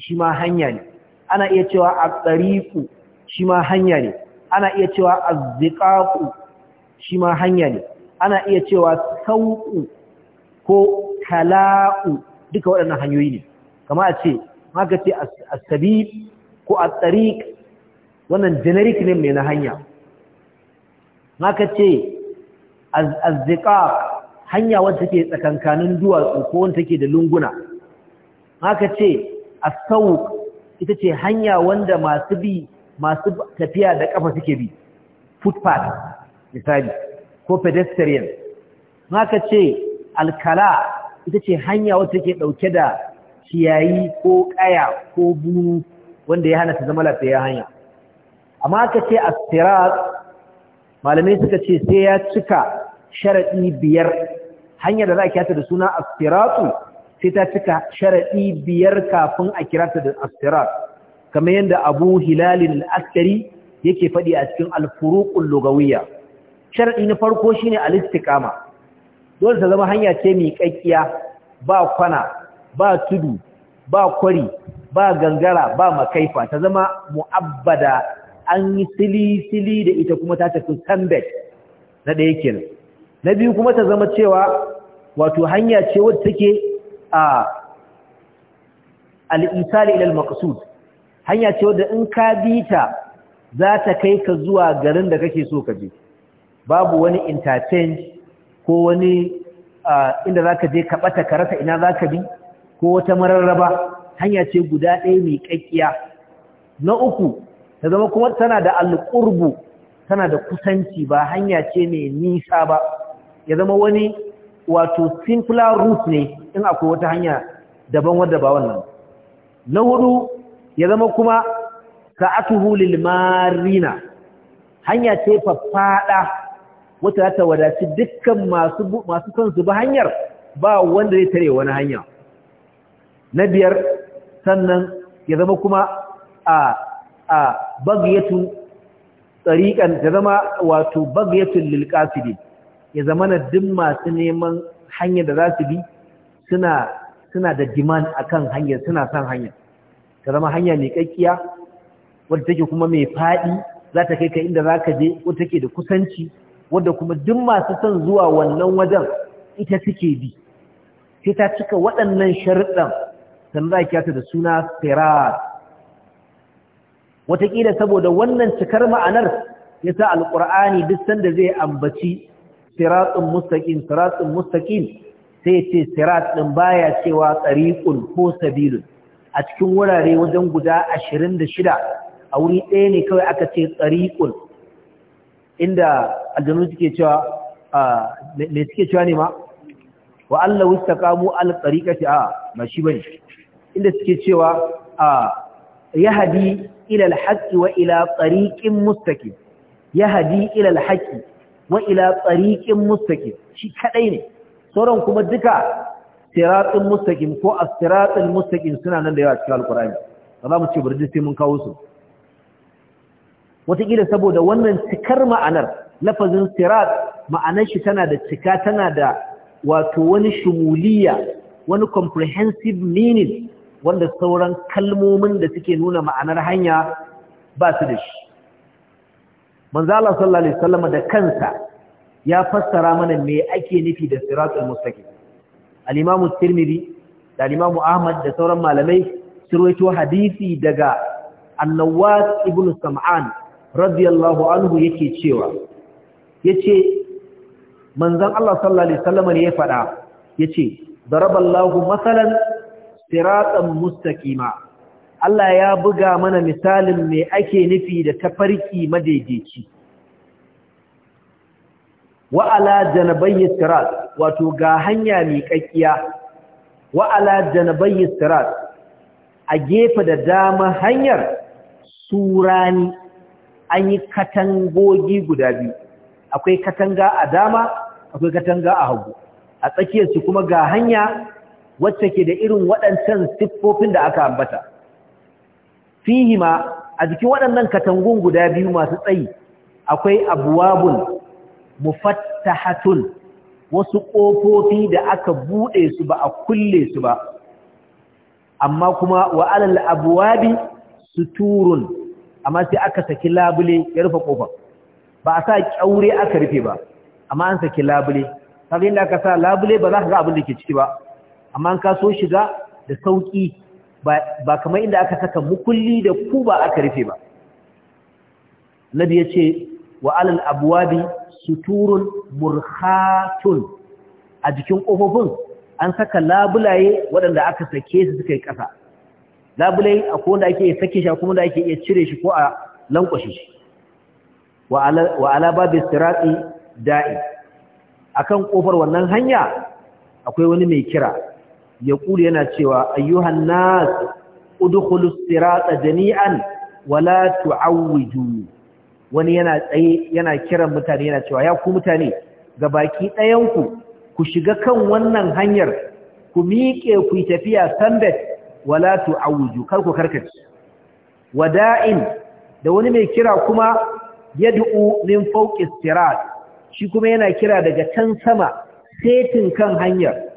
shi ma hanya ne ana iya cewa a tsariku shi ma hanya ne ana iya cewa a zikaku shi ma hanya ne ana iya cewa sauku ko kala'u duka waɗannan hanyoyi ne kama a ce maka ce as sabi ko a tsarik wannan generic ne mai na hanya maka ce a zikaku hanya wanda take tsakankanin duwatsu ko wanda take da lunguna maka ce as sauku ita ce hanya wanda masu bi masu tafiya da ƙafa suke bi footpath misali ko pedestrian maka ce alkala ita ce hanya wacce take ɗauke da ciyayi ko ƙaya ko buru wanda ya hana ta zama lafiyar hanya amma ka ce astirat malamai suka ce sai ya cika sharadi biyar Hanyar da za a kyata da suna astiratu sai ta cika sharaɗi biyar kafin a kirata da astirar kamar yadda abu hilalin al'askari yake faɗi a cikin alfurukun lugawiyya sharaɗi na farko shi ne alistikama dole ta zama hanya ce mai ƙaƙƙiya ba kwana ba tudu ba kwari ba gangara ba makaifa ta zama mu'abbada an yi sili-sili da ita kuma ta tafi tambet na ɗaya kenan na biyu kuma ta zama cewa wato hanya ce wadda take a al'isali ilal maqsud hanya ce wadda in ka bi ta za ta kai ka zuwa garin da kake so ka je babu wani interchange ko wani inda za ka je ka ɓata ka rasa ina za ka bi ko wata mararraba hanya ce guda ɗaya mai ƙaƙƙiya na uku ta zama kuma tana da alƙurbu tana da kusanci ba hanya ce mai nisa ba ya zama wani wato simpler route ne in akwai wata hanya daban wadda ba wannan na hudu ya zama kuma sa'atuhu lil marina hanya ce faffada wata ta wadaci dukkan masu masu son su ba hanyar ba wanda zai tare wani hanya na biyar sannan ya zama kuma a a bagyatu tsariƙan ya zama wato bagyatu lil qasidin ya zama na duk masu neman hanyar da za su bi suna suna da demand kan hanyar suna son hanyar ta zama hanya mai kakkiya wadda take kuma mai faɗi za ta kai ka inda za ka je wadda take da kusanci wadda kuma duk masu son zuwa wannan wajen ita suke bi sai ta cika waɗannan sharuɗan sannan za a da suna sirar wataƙila saboda wannan cikar ma'anar ya sa alƙur'ani duk sanda zai ambaci siratun mustaqim siratun mustaqim sai ce sirat baya cewa tariqun ko sabilun a cikin wurare wajen guda 26 a wuri ɗaya ne kawai aka ce tariqun inda aljanu suke cewa me suke cewa ne ma wa Allah kamo al tariqati a ba shi bane inda suke cewa yahdi ila al haqqi wa ila tariqin mustaqim yahdi ila al haqqi wa ila tsariƙin mustaƙim shi kaɗai ne sauran kuma duka siratun mustaƙim ko a siratun suna nan da yawa cikin alkurani ba za mu ce birji sai mun kawo su wataƙila saboda wannan cikar ma'anar lafazin sirat ma'anar shi tana da cika tana da wato wani shumuliya wani comprehensive meaning wanda sauran kalmomin da suke nuna ma'anar hanya ba su da shi manzo Allah sallallahu alaihi wasallam da kansa ya fassara mana me ake nufi da siratul mustaqim al-imamu at-tirmidhi da al-imamu ahmad da sauran malamai surwaito hadisi daga annawas ibn sam'an radiyallahu anhu yake cewa yace manzon Allah sallallahu alaihi wasallam ne ya fada yace daraballahu masalan siratan mustaqima Allah ya buga mana misalin me ake nufi da tafarki madaidaici wa ala janabayyi sirat wato ga hanya miƙaƙiya wa ala janabai sirat a gefe da dama hanyar surani an yi katangogi guda biyu akwai katanga a dama akwai katanga a hagu a tsakiyarsu kuma ga hanya wacce ke da irin waɗancan siffofin da aka ambata ma a jikin waɗannan katangun guda biyu masu tsayi akwai abuwabun mufattahatun wasu ƙofofi da aka buɗe su ba a kulle su ba amma kuma wa alal abuwabi suturun amma sai aka saki labule ya rufe ƙofa ba a sa ƙyaure aka rufe ba amma an saki labule sabin da aka sa labule ba za ka ga abin da ke ciki ba amma an kaso shiga da sauƙi ba kamar inda aka saka mukulli da ku ba aka rufe ba nabi ya ce wa alal abuwabi suturun murhatun a jikin ƙofofin an saka labulaye waɗanda aka sake su suka yi ƙasa labulaye a wanda ake iya sake shi kuma da ake iya cire shi ko a lankwashe shi wa ala babin siraɗi da'i akan ƙofar wannan hanya akwai wani mai kira ya yaqulu yana cewa ayyuhan nas udkhulu sirata jami'an wala tu'awwiju wani yana tsaye yana kiran mutane yana cewa ya ku mutane ga baki ɗayan ku ku shiga kan wannan hanyar ku miƙe ku tafiya sanbet, wala tu'awwiju kar ku karkace wada'in da wani mai kira kuma yad'u min fawqi sirat shi kuma yana kira daga can sama setin kan hanyar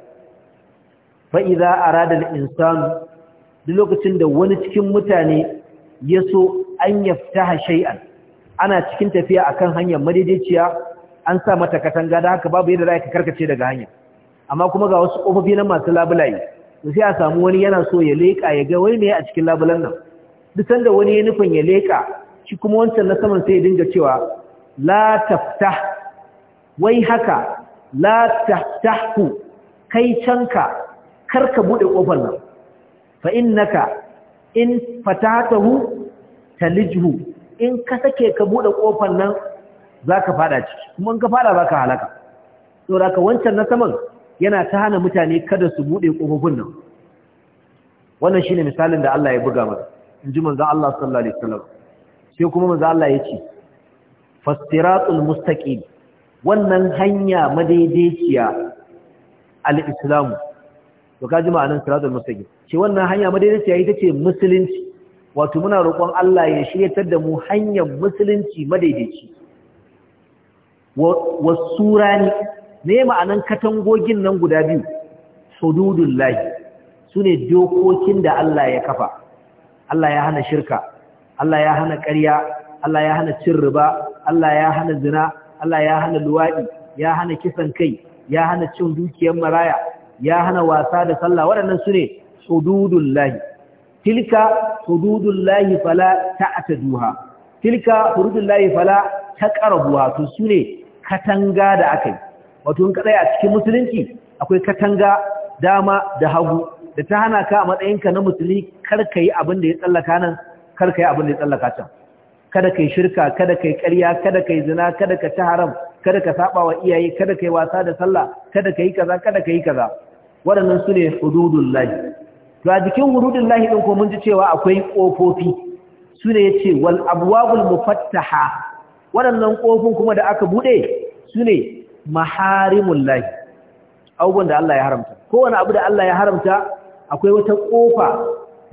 fa'iza a radar insanu duk lokacin da wani cikin mutane ya so an yafta shay'an ana cikin tafiya a kan hanyar madaidaiciya an sa mata katanga da haka babu yadda za ka karkace daga hanya amma kuma ga wasu ƙofofi na masu labulaye sai a samu wani yana so ya leƙa ya ga wai ne a cikin labulan nan duk sanda wani ya nufin ya leƙa shi kuma wancan na saman sai ya dinga cewa la taftah wai haka la taftahku kai canka kar ka bude kofar nan fa innaka in fatatahu talijhu in ka sake ka bude kofar nan zaka fada ciki kuma in ka fada zaka halaka to da ka wancan na saman yana ta hana mutane kada su bude kofofin nan wannan shine misalin da Allah ya buga mana ji manzo Allah sallallahu alaihi wasallam sai kuma manzo Allah ya ce fastiratul mustaqim wannan hanya madaidaiciya al-islamu to ka ji ma'anar siratul mustaqim shi wannan hanya madaidaiciya ita ce musulunci wato muna roƙon Allah ya shiryatar da mu hanyar musulunci madaidaici wa surani ne ma'anan katangogin nan guda biyu hududullahi sune dokokin da Allah ya kafa Allah ya hana shirka Allah ya hana ƙarya Allah ya hana cin riba Allah ya hana zina Allah ya hana luwaɗi ya hana kisan kai ya hana cin dukiyar maraya ya hana wasa da sallah waɗannan su ne lahi. tilka lahi fala ta duha tilka lahi fala ƙarabuwa to su ne katanga da yi wato in kadai a cikin musulunci akwai katanga dama da hagu da ta hana ka a matsayinka na musulmi karka yi abin da ya tsallaka nan karka yi abin da ya tsallaka can kada kai shirka kada kai ƙarya kada kai zina kada ka ci haram kada ka saba wa iyaye kada kai wasa da sallah kada kai kaza kada kai kaza waɗannan su ne hududun lahi to a jikin hududun lahi ɗin ko mun ji cewa akwai ƙofofi su ne ya ce wal abuwagul mufattaha waɗannan ƙofin kuma da aka buɗe su ne maharimun lahi abubuwan da Allah ya haramta kowane abu da Allah ya haramta akwai wata ƙofa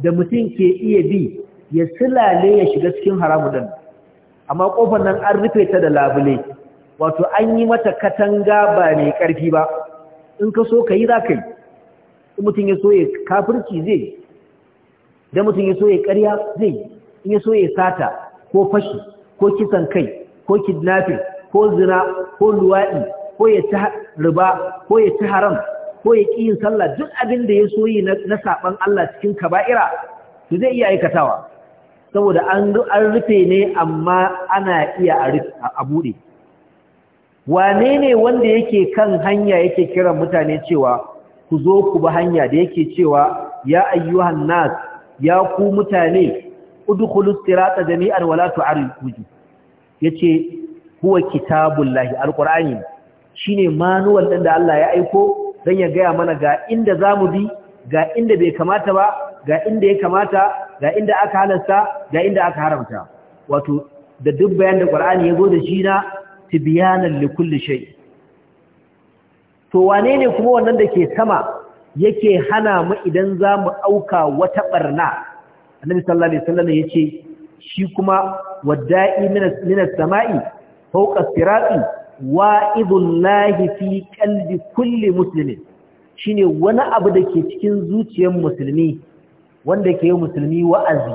da mutum ke iya bi ya silale ya shiga cikin haramun ɗin amma ƙofar nan an rufe ta da labule wato an yi mata katanga ba mai ƙarfi ba in ka so ka yi za ka yi in mutum ya so kafirci zai da mutum ya so ƙarya zai in ya soye sata ko fashi ko kisan kai ko kidnapping ko zina ko luwaɗi ko ya ci riba ko ya ci haram ko ya ƙi yin sallah duk abin da ya so na saɓan Allah cikin kaba'ira su zai iya aikatawa saboda an rufe ne amma ana iya a buɗe wane ne wanda yake kan hanya yake kiran mutane cewa ku zo ku ba hanya da yake cewa ya ayyuhan nas ya ku mutane udkhulus sirata jami'an wala tu'arriju yace huwa kitabullahi alqur'ani shine manual din da Allah ya aiko dan ya gaya mana ga inda zamu bi ga inda bai kamata ba ga inda ya kamata ga inda aka halasta ga inda aka haramta wato da duk bayan da qur'ani ya zo da shi na tibyanan likulli shay'in to wane ne kuma wannan da ke sama yake hana mu idan za mu auka wata barna annabi sallallahu alaihi wasallam yace shi kuma wada'i minas sama'i fawqa sirati Idullahi fi qalbi kulli muslimin shine wani abu da ke cikin zuciyar musulmi wanda ke musulmi wa'azi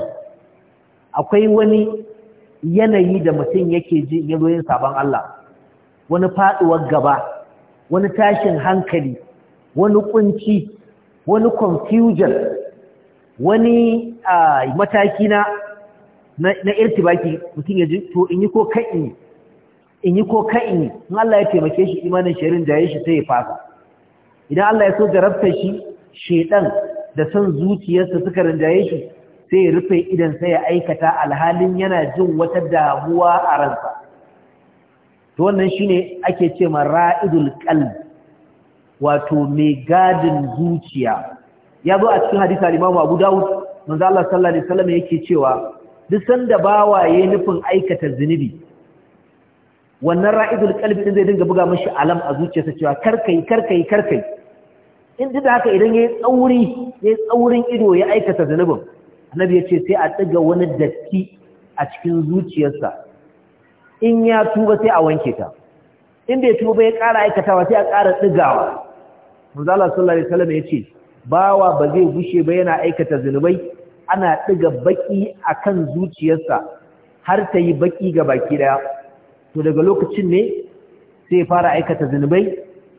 akwai wani yanayi da mutum yake ji yayin sabon Allah wani faduwar gaba wani tashin hankali wani kunci wani confusion wani mataki na na irtibaki mutum ya ji to in yi ko kan in yi ko kan in Allah ya taimake shi imanin shirin jaye shi sai ya fasa idan Allah ya so jarabta shi shedan da son zuciyarsa suka rinjaye shi sai ya rufe idan sai ya aikata alhalin yana jin wata damuwa a ransa to wannan shine ake ce ma ra'idul qalb wato mai gadin zuciya ya zo a cikin hadisi al-Imam Abu Dawud manzo Allah sallallahu alaihi wasallam yake cewa duk sanda bawaye nufin aikata zinubi wannan ra'idul qalb din zai dinga buga mishi alam a zuciyarsa cewa karkai karkai karkai in duk haka idan yayi tsauri yayi tsaurin ido ya aikata zinubin annabi yace sai a tsiga wani datti a cikin zuciyarsa in ya tuba sai a wanke ta in bai tuba ya ƙara aikatawa sai a ƙara ɗigawa manzala sallallahu alaihi wasallam yace bawa ba zai gushe ba yana aikata zunubai ana ɗiga baki kan zuciyarsa har ta yi baki ga baki daya to daga lokacin ne sai fara aikata zunubai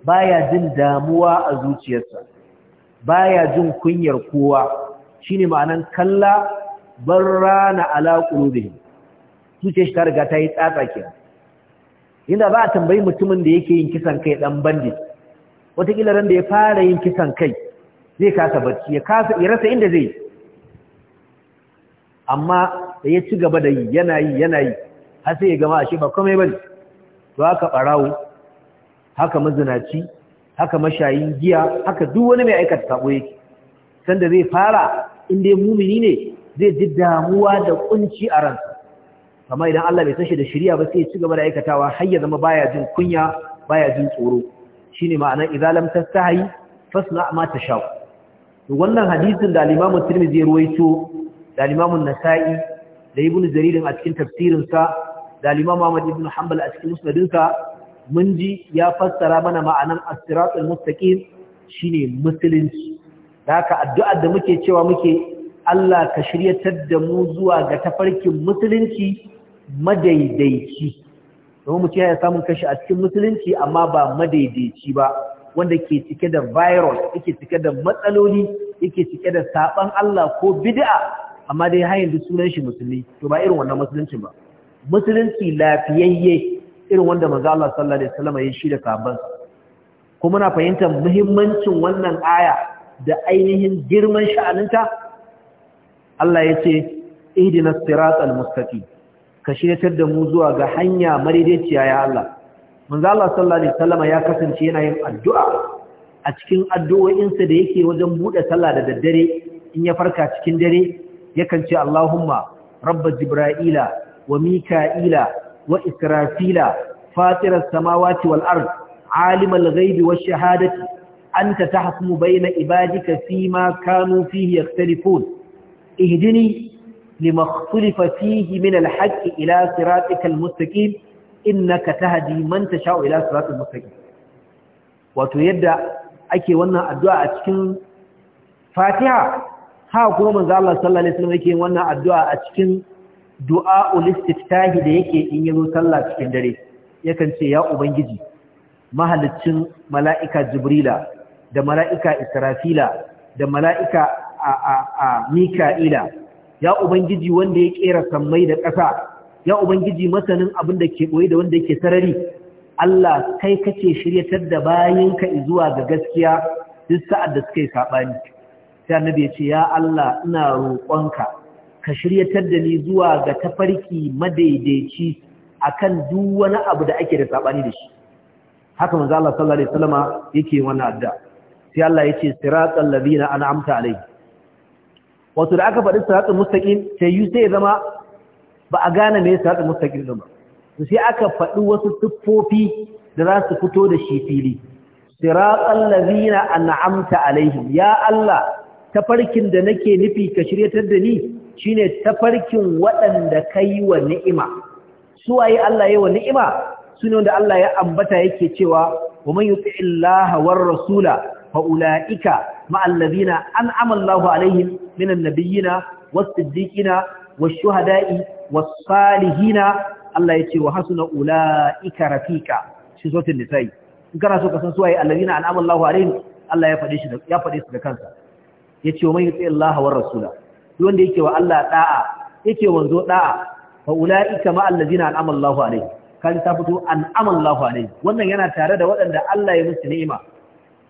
baya jin damuwa a zuciyarsa baya jin kunyar kowa shine ma'anan kalla barrana ala qulubihim zuciyar shi ta riga ta yi tsatsa kenan inda ba a tambayi mutumin da yake yin kisan kai dan bandi watakila ran da ya fara yin kisan kai zai kasa barci, ya kasa ya rasa inda zai amma da ya ci gaba da yi yana yi yana yi har sai ya gama ashe ba komai bane to haka barawo haka mazinaci haka mashayin giya haka duk wani mai aikata sabo yake sanda zai fara in dai mumini ne zai ji damuwa da kunci a ransa Kamar idan Allah bai san shi da shari'a ba sai ya ci gaba da aikatawa har ya zama baya jin kunya baya jin tsoro shine ma'anar idza lam tastahi fasna ma tashaw wannan hadisin da al-Imam Tirmidhi ya ruwaito da imam Nasa'i da Ibn Jarir a cikin tafsirin sa da al-Imam Ahmad ibn Hanbal a cikin musnadin sa mun ji ya fassara mana ma'anar as-siratul mustaqim shine musulunci da haka addu'ar da muke cewa muke Allah ka shiryatar da mu zuwa ga tafarkin musulunci madaidaici domin mu ce ya samun kashi a cikin musulunci amma ba madaidaici ba wanda ke cike da virus yake cike da matsaloli yake cike da saban Allah ko bid'a amma dai hayin duk sunan shi musulmi to ba irin wannan musulunci ba musulunci lafiyayye irin wanda manzo Allah sallallahu alaihi wasallam ya shirya da kaban kuma muna fahimtar muhimmancin wannan aya da ainihin girman sha'aninta Allah ya ce ihdina siratal mustaqim ka shirya da mu zuwa ga hanya madaidaiciya ya Allah manzo Allah sallallahu alaihi wasallam ya kasance yana yin addu'a a cikin addu'o'insa da yake wajen buɗe sallah da daddare in ya farka cikin dare yakan ce Allahumma rabba jibra'ila wa mika'ila wa israfila fatirar samawati wal ard alimal ghaibi wash shahadati anta tahkumu bayna ibadika fima kanu fihi yaktalifun ihdini lima ikhtalifa fihi min al-haqqi ila siratikal mustaqim innaka tahdi man tasha'u ila siratal mustaqim wato yadda ake wannan addu'a a cikin Fatiha ha kuma manzo Allah sallallahu alaihi addu'a a cikin du'a ulistiftahi da yake in yazo sallah cikin dare yakan ce ya ubangiji mahaliccin mala'ika jibrila da mala'ika israfila da mala'ika a mika'ila ya ubangiji wanda ya ƙera sammai da ƙasa ya ubangiji masanin abin da ke ɓoye da wanda ke sarari Allah kai kake shiryatar da bayinka zuwa ga gaskiya duk sa'ad da suka yi saɓani sai annabi ya ce ya Allah ina roƙonka ka shiryatar da ni zuwa ga tafarki madaidaici akan duk wani abu da ake da saɓani da shi haka manzo Allah sallallahu alaihi wasallama yake wani adda. sai Allah ya ce yace siratal na an'amta alaihi wato da aka faɗi siratun mustaƙin sai yi sai zama ba a gane me siratun mustaƙin ɗin ba to sai aka faɗi wasu tuffofi da za su fito da shi fili siratun lazina an'amta alaihim ya Allah tafarkin da nake nufi ka shiryatar da ni shine tafarkin waɗanda kai wa ni'ima su waye Allah yayi wa ni'ima sune wanda Allah ya ambata yake cewa wa man yuti illaha war rasula fa'ula'ika ma'allazina an amallahu alaihim minan nabiyina wasiddiqina washuhada'i wasalihina Allah yace wa hasuna ula'ika rafiqa shi sotin nisa'i in kana so ka san suwaye allazina an amallahu alaihim Allah ya fade shi ya fade su da kansa yace wa man yuti Allah war rasula duk wanda yake wa Allah da'a yake wanzo da'a fa ula'ika ma'allazina an amallahu alaihim kan ta fito an wannan yana tare da waɗanda Allah ya musu ni'ima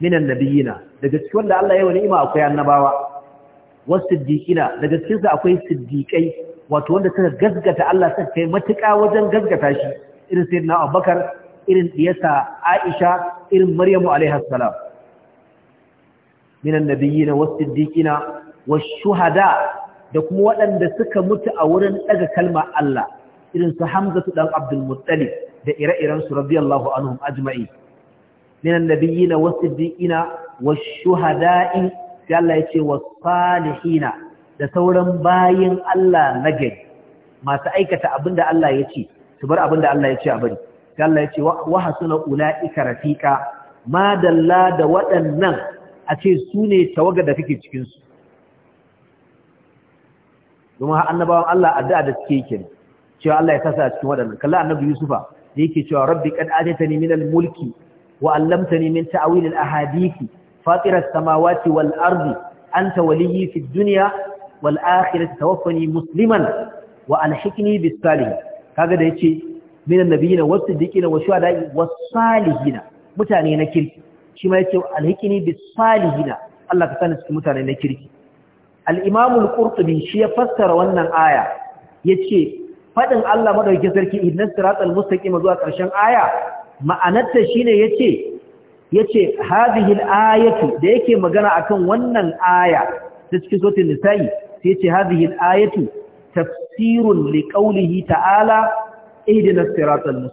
minan nabiyina daga cikin wanda Allah ya wani ima akwai annabawa wasiddiqina daga cikin su akwai siddiqai wato wanda suka gaskata Allah suka kai matuƙa wajen gasgata shi irin sayyidina Abubakar irin diyasa Aisha irin Maryamu alaiha salam minan nabiyina wa shuhada da kuma waɗanda suka mutu a wurin daga kalmar Allah irin su Hamzatu dan Abdul Muttalib da ire-iren su radiyallahu anhum ajma'in minan nabiyina wasiddiqina washuhada'i sai Allah yace wasalihina da sauran bayin Allah na gari masu aikata abinda Allah ya ce, su bar abinda Allah ya ce a bari sai Allah ce wa hasuna ulaika rafiqa ma dalla da waɗannan a ce su ne tawaga da kake cikin su domin annabawan Allah addu'a da suke yake cewa Allah ya sasa cikin waɗannan kalla annabi Yusufa da yake cewa rabbi qad ataytani minal mulki وعلمتني من تأويل الأحاديث فاطر السماوات والأرض أنت ولي في الدنيا والآخرة توفني مسلما وألحقني بالصالحين هذا يجي من النبيين والصديقين والشهداء والصالحين متاني نكرك شما يجي ألحقني بالصالحين الله كتانس متاني نكرك الإمام القرطبي شي فسر وانا آية يجي فإن الله مدعو جزرك إذن السراط المستقيم ذو أكرشان آية ma'anarta shine yace yace hadhihi ayatu da yake magana akan wannan aya ta cikin suratul nisa'i sai yace hadhihi ayatu tafsirun liqaulihi ta'ala ihdinas siratal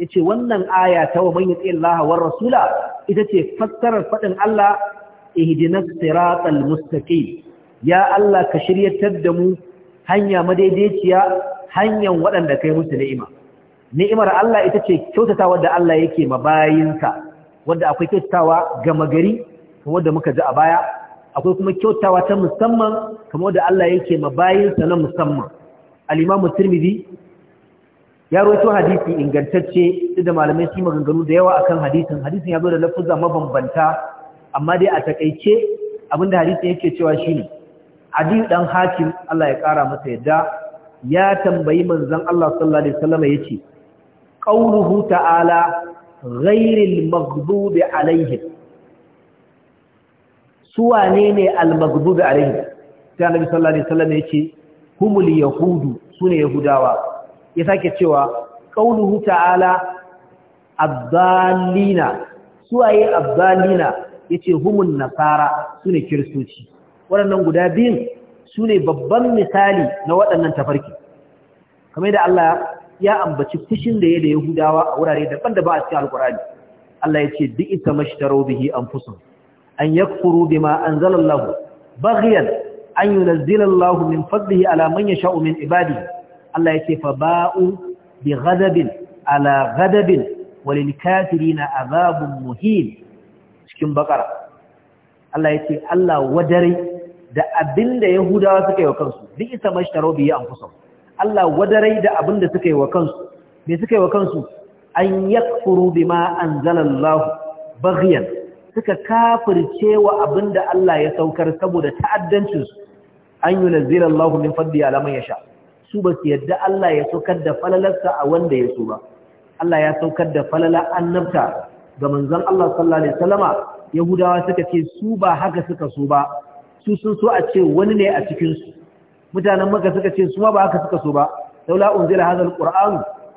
Ya ce wannan aya ta wa man yuti'allaha rasula ita ce fassarar faɗin Allah ihdinas siratal mustaqim ya Allah ka shiryatar da mu hanya madaidaiciya hanyan waɗanda kai musu ni'ima ni'imar Allah ita ce kyautatawa da Allah yake ma bayinsa wanda akwai kyautatawa gama gari kuma wanda muka ji a baya akwai kuma kyautatawa ta musamman kuma wanda Allah yake ma bayinsa na musamman al-Imam Tirmidhi ya rawaito hadisi ingantacce da malamai su maganganu da yawa akan hadisin hadisin ya zo da lafuzza mabambanta amma dai a takeice abinda hadisin yake cewa shine Adi dan Hakim Allah ya kara masa yadda ya tambayi manzon Allah sallallahu alaihi wasallam yace ƙauruhu ta'ala ghairil maghdubi alaihim su wanene ne al alaihim sai annabi sallallahu alaihi wasallam yace humul yahudu sune yahudawa ya sake cewa ƙaunuhu ta'ala abdallina suwaye abdallina yace humun nasara ne kiristoci waɗannan guda biyun sune babban misali na waɗannan tafarki kamar da Allah ya ambaci fushin da ya da Yahudawa a wurare daban da ba a cikin Alƙurani. Allah ya ce duk ita mashtaro bihi anfusum an yakfuru bima anzalallahu baghyan an yunazzilallahu min fadlihi ala man yasha'u min ibadi. Allah ya ce fa ba'u bi ghadabin ala ghadabin walil kafirina azabun muhin cikin bakara Allah ya ce Allah wadare da abinda Yahudawa suka yi wa kansu duk ita mashtaro bihi fusun. Allah wadarai da abin da suka yi wa kansu me suka yi wa kansu an yakfuru bima anzalallahu baghyan suka kafirce wa abin da Allah ya saukar saboda ta'addancin An an ya Allahu min fadli ala ya sha. su ba su yadda Allah ya saukar da falalarsa a wanda ya so ba Allah ya saukar da falala annabta ga manzon Allah sallallahu alaihi wasallama yahudawa suka ce su ba haka suka so ba su sun so a ce wani ne a cikin su mutanen maka suka ce su ma ba haka suka so ba laula unzila hadha alquran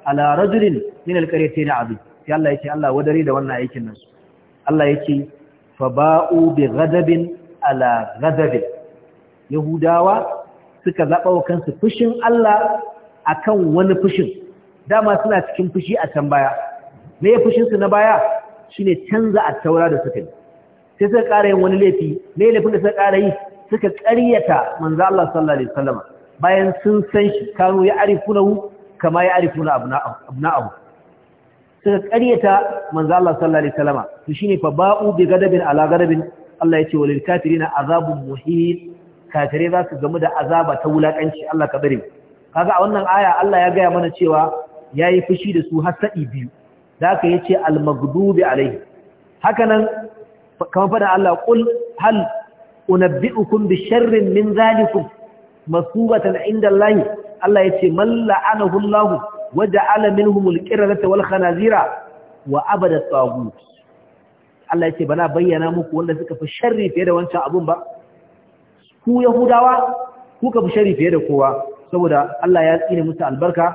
ala rajulin min alqaryatayn abi sai Allah yake Allah wadare da wannan aikin nan Allah yake fa ba'u bi ghadabin ala ghadabin yahudawa suka zaba wa kansu fushin Allah akan wani fushin dama suna cikin fushi a can baya me ya fushin su na baya shine canza at-taura da suka yi sai suka ƙara yin wani laifi me laifin da suka ƙara yi suka ƙaryata manzo Allah sallallahu alaihi wasallam bayan sun san shi kanu ya arifunahu kama ya arifuna abna'ahu suka ƙaryata manzo Allah sallallahu alaihi wasallam to shine fa ba'u bi gadabin ala gadabin Allah yace walil kafirina azabun muhin kafire za su gamu da azaba ta wulakanci Allah ka bari kaga a wannan aya Allah ya gaya mana cewa yayi fushi da su har sa'i biyu da haka yace al magdubi alaihi hakanan kamar faɗin Allah kul hal unabbi'ukum bi sharrin min zalikum masubatan inda Allah Allah yace man la'anahu Allah wa ja'ala minhum al-qiradata wal khanazira wa abada tagut Allah yace bana bayyana muku wanda suka fi sharri fiye da wancan abun ba ku yahudawa ka fi sharri fiye da kowa saboda Allah ya tsine musu albarka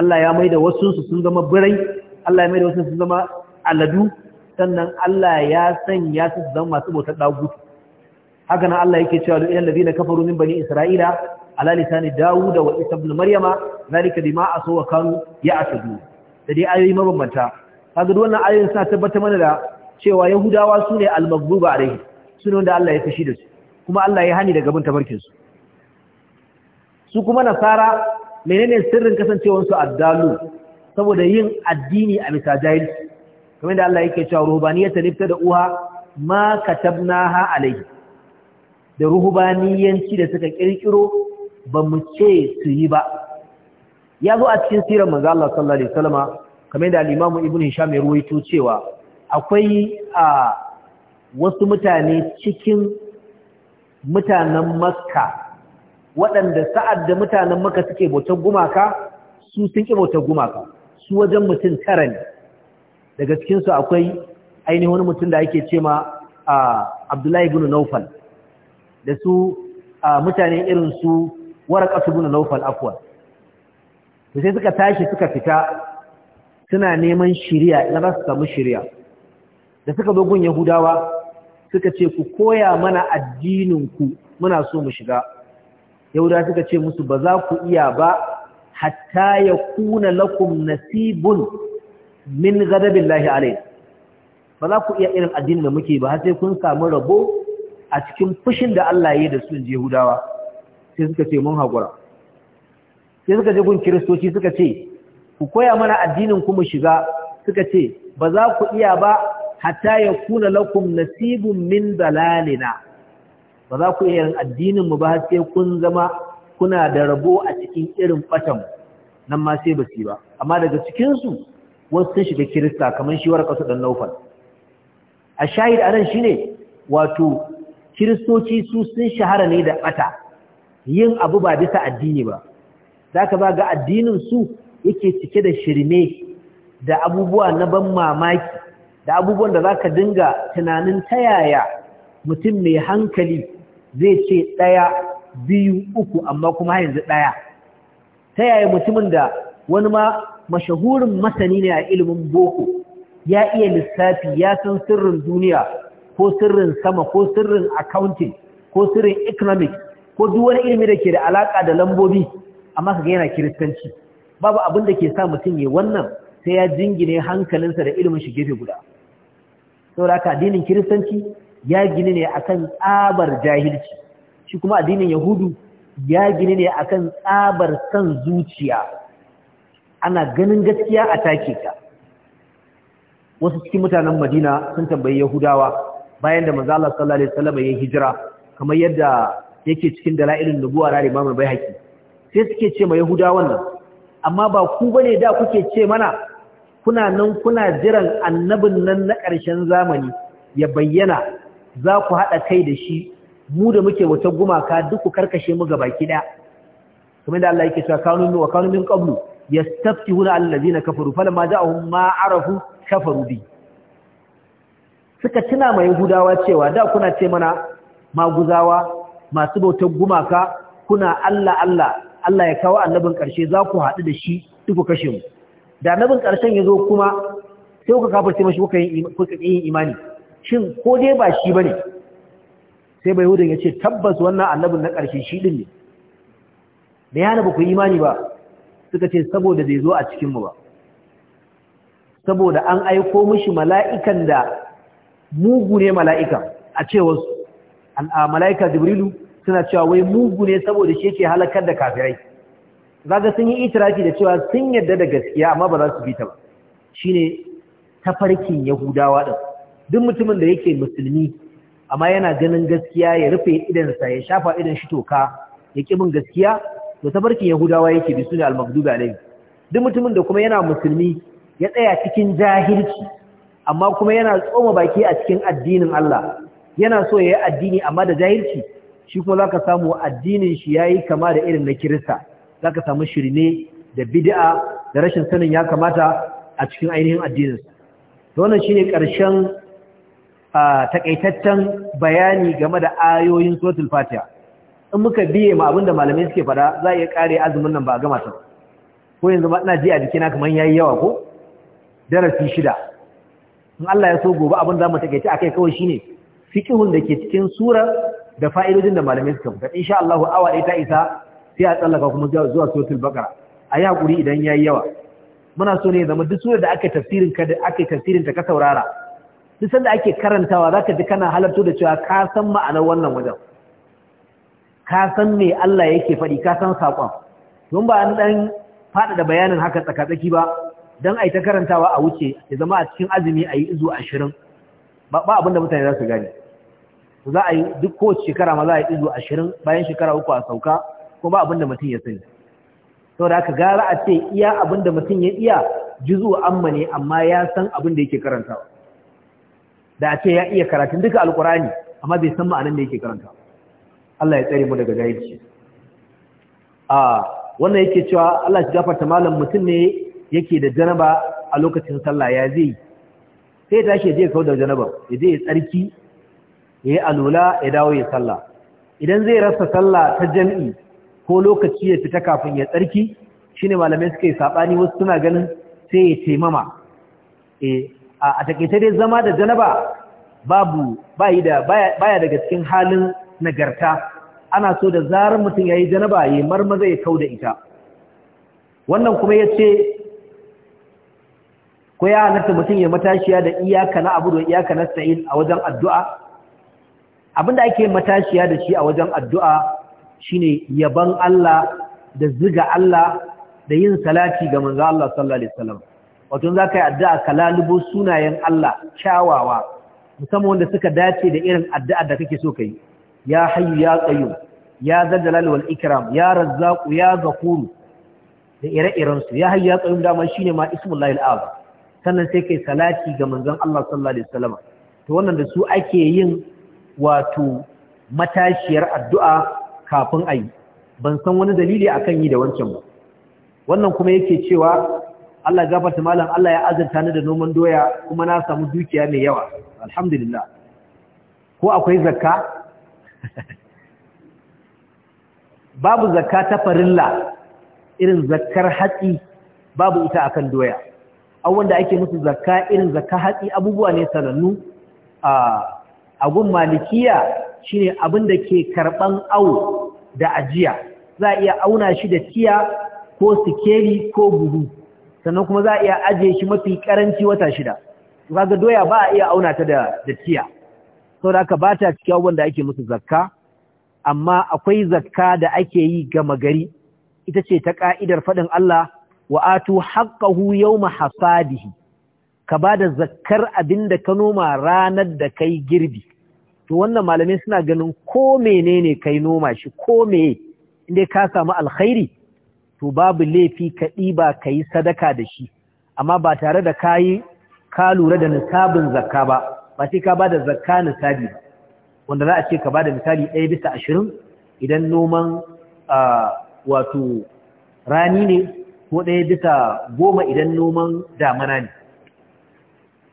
Allah ya maida wasu su sun zama birai Allah ya maida wasu sun zama aladu sannan Allah ya sanya su zama masu bautar dagutu haka nan Allah yake cewa lil ladina kafaru min bani isra'ila ala lisani dawud wa isa ibn maryama zalika bima asu wa kanu ya'tadu da dai ayoyi mabambanta kaga duk wannan ayoyin suna tabbatar mana da cewa yahudawa sune al-maghduba alaihi sune wanda Allah ya fushi da su kuma Allah ya hani daga bin tabarkin su su kuma nasara menene sirrin kasancewar su addalu saboda yin addini a bisa jahilci kamar da Allah yake cewa ruhbaniyatan da uha ma katabnaha alaihi da ruhubaniyanci da suka kirkiro ba mu ce su yi ba ya zo a cikin sirar manzo Allah sallallahu alaihi wasallama kamar da al-Imam Ibn Hisham ya ruwaito cewa akwai a wasu mutane cikin mutanen Makka waɗanda sa'ad da mutanen Makka suke bautar gumaka su sun ki bautar gumaka su wajen mutum tara ne daga cikin su akwai ainihin wani mutum da ake cewa Abdullahi ibn Nawfal da su mutane irin su warqatu guna laufar afuwa. to sai suka tashi suka fita suna neman shirya na za su samu shirya. da suka dogon yahudawa suka ce ku koya mana addininku muna so mu shiga yahudawa suka ce musu ba za ku iya ba hatta ya kuna lakum nasibun min ghadabillahi lahi ba za ku iya irin addinin da muke ba har sai kun samu rabo a cikin fushin da Allah ya yi da sun jehudawa sai suka ce mun haƙura sai suka je gun kiristoci suka ce ku koya mana addinin ku mu shiga suka ce ba za ku iya ba hatta ya kuna lakum nasibun min dalalina ba za ku iya yin addinin mu ba sai kun zama kuna da rabo a cikin irin fatan nan ma sai ba su ba amma daga cikin su wasu sun shiga kirista kamar shi warƙa su dan naufal a shahid anan shine wato kiristoci su sun shahara ne da ɓata yin abu ba bisa addini ba za ka ba ga addinin su yake cike da shirme da abubuwa na ban mamaki da abubuwan da za ka dinga tunanin ta yaya mutum mai hankali zai ce ɗaya biyu uku amma kuma yanzu ɗaya ta yaya mutumin da wani ma mashahurin masani ne a ilimin boko ya iya lissafi ya san sirrin duniya ko sirrin sama ko sirrin accounting ko sirrin economics ko duk wani ilimi da ke da alaka da lambobi amma kaga yana kiristanci babu abin da ke sa mutum ya wannan sai ya jingine hankalinsa da ilimin shi gefe guda saboda haka addinin kiristanci ya gini ne akan tsabar jahilci shi kuma addinin yahudu ya gini ne akan tsabar san zuciya ana ganin gaskiya a take ka wasu cikin mutanen madina sun tambayi yahudawa bayan da maza Allah sallallahu alaihi wasallam ya hijira kamar yadda yake cikin dalailin nubuwa na Imam Baihaqi sai suke ce ma Yahuda wannan amma ba ku bane da kuke ce mana kuna nan kuna jiran annabin nan na ƙarshen zamani ya bayyana za ku haɗa kai da shi mu da muke wata gumaka duk ku karkashe mu ga baki ɗaya kamar da Allah yake cewa kanu min wa kanu min qablu yastaftihuna allazina kafaru falamma ja'ahum ma kafaru bihi suka tuna mai yahudawa cewa da kuna ce mana maguzawa masu bautar gumaka kuna Allah Allah Allah ya kawo annabin ƙarshe za ku haɗu da shi duk kashe mu da annabin ƙarshen ya zo kuma sai kuka kafirce mashi kuka yin imani shin ko dai ba shi bane sai bai hudun ya ce tabbas wannan annabin na ƙarshe shi ɗin ne da yana ba ku imani ba suka ce saboda zai zo a cikinmu ba saboda an aiko mishi mala'ikan da mugu ne mala'ika a cewarsu. mala'ika jibrilu suna cewa wai mugu ne saboda shi yake halakar da kafirai zaga sun yi itirafi da cewa sun yarda da gaskiya amma ba za su bi ta ba ta tafarkin yahudawa ɗin, duk mutumin da yake musulmi amma yana ganin gaskiya ya rufe idansa ya shafa idan shi toka ya ƙi bin gaskiya to tafarkin yahudawa yake bi ne al-maghdubi alayhi duk mutumin da kuma yana musulmi ya tsaya cikin jahilci amma kuma yana tsoma baki a cikin addinin Allah yana so ya yi addini amma da jahilci shi kuma zaka samu addinin shi yayi kama da irin na Kirista zaka samu shirne da bid'a da rashin sanin ya kamata a cikin ainihin addinin to wannan shine karshen takaitaccen bayani game da ayoyin suratul Fatiha in muka biye ma abinda malamai suke fada za a iya kare azumin nan ba a gama ta ko yanzu ba ina ji a jikina kamar yayi yawa ko darasi shida in Allah ya so gobe abin zamu takeice akai kawai shine fiqhun da ke cikin sura da fa'idodin da malamai suka faɗa insha Allah awa ɗaya ta isa sai a tsallaka kuma zuwa suratul baqara ayi hakuri idan yayi yawa muna so ne zama duk sura da aka tafsirin ka aka tafsirin ta ka saurara duk sanda ake karantawa zaka ji kana halarto da cewa ka san ma'anar wannan wajen ka san me Allah yake faɗi ka san saƙon don ba an ɗan faɗaɗa bayanin haka tsakatsaki ba don a yi ta karantawa a wuce ya zama a cikin azumi a yi izu ashirin ba abin da mutane za su gani. za a yi duk kowace shekara ma za a yi izu ashirin bayan shekara uku a sauka kuma ba abin da mutum ya sani sau da aka gara a ce iya abin da mutum ya iya juzu amma ne amma ya san abin da yake karantawa da a ce ya iya karatun duka alkurani amma bai san ma'anin da yake karantawa Allah ya tsare mu daga jahilci a ah, wannan yake cewa Allah ya gafarta malam mutum ne yake da janaba a lokacin sallah ya zai sai tashi je kawo da janaba ya je tsarki ya yi alula ya dawo ya sallah idan zai rasa sallah ta jami'i ko lokaci ya fita kafin ya tsarki shine malamai suka yi saɓani wasu suna ganin sai ya taimama eh, a takaice dai zama da janaba babu bayi baya daga cikin halin nagarta ana so da zarar mutum ya yi janaba ya yi marmaza ya da ita wannan kuma ya ce. ko ya halatta mutum ya matashiya da iyaka na abu da iyaka na sa'in a wajen addu'a abinda ake matashiya da shi a wajen addu'a shine yaban Allah da ziga Allah da yin salati ga manzo Allah sallallahu alaihi wasallam wato za ka yi addu'a ka sunayen Allah kyawawa musamman wanda suka dace da irin addu'a da kake so yi. ya hayyu ya tsayu, ya zalzalal wal ikram ya razzaq ya ghafur da ire-iren su ya hayyu ya qayyum dama shine ma ismullahi al sannan sai kai salati ga manzon Allah sallallahu alaihi wasallam to wannan da su ake yin wato matashiyar addu'a kafin ayi ban san wani dalili akan yi da wancan ba wannan kuma yake cewa Allah gafarta malam Allah ya azurta ni da noman doya kuma na samu dukiya mai yawa alhamdulillah ko akwai zakka babu zakka ta farilla irin zakkar hatsi babu ita akan doya abubuwan da ake musu zakka irin zakka hatsi abubuwa ne sanannu a agun malikiya shine abin da ke karban awo da ajiya za a iya auna shi da tiya ko sikeli ko buhu sannan kuma za a iya ajiye shi mafi karanci wata shida kaga doya ba a iya auna ta da da tiya saboda haka ba ta cikin abubuwan da ake musu zakka amma akwai zakka da ake yi gama gari ita ce ta ka'idar faɗin Allah wa atu haqqahu yawma hasadihi ka bada zakkar abinda ka noma ranar da kai girbi to wannan malamai suna ganin ko menene kai noma shi ko me inda ka samu alkhairi to babu laifi ka ɗiba ka yi sadaka da shi amma ba tare da ka yi ka lura da nisabin zakka ba ba sai ka ba da zakka nisabi ba wanda za a ce ka ba da misali ɗaya bisa ashirin idan noman ah, wato rani ne ko ɗaya bisa goma idan noman damana ne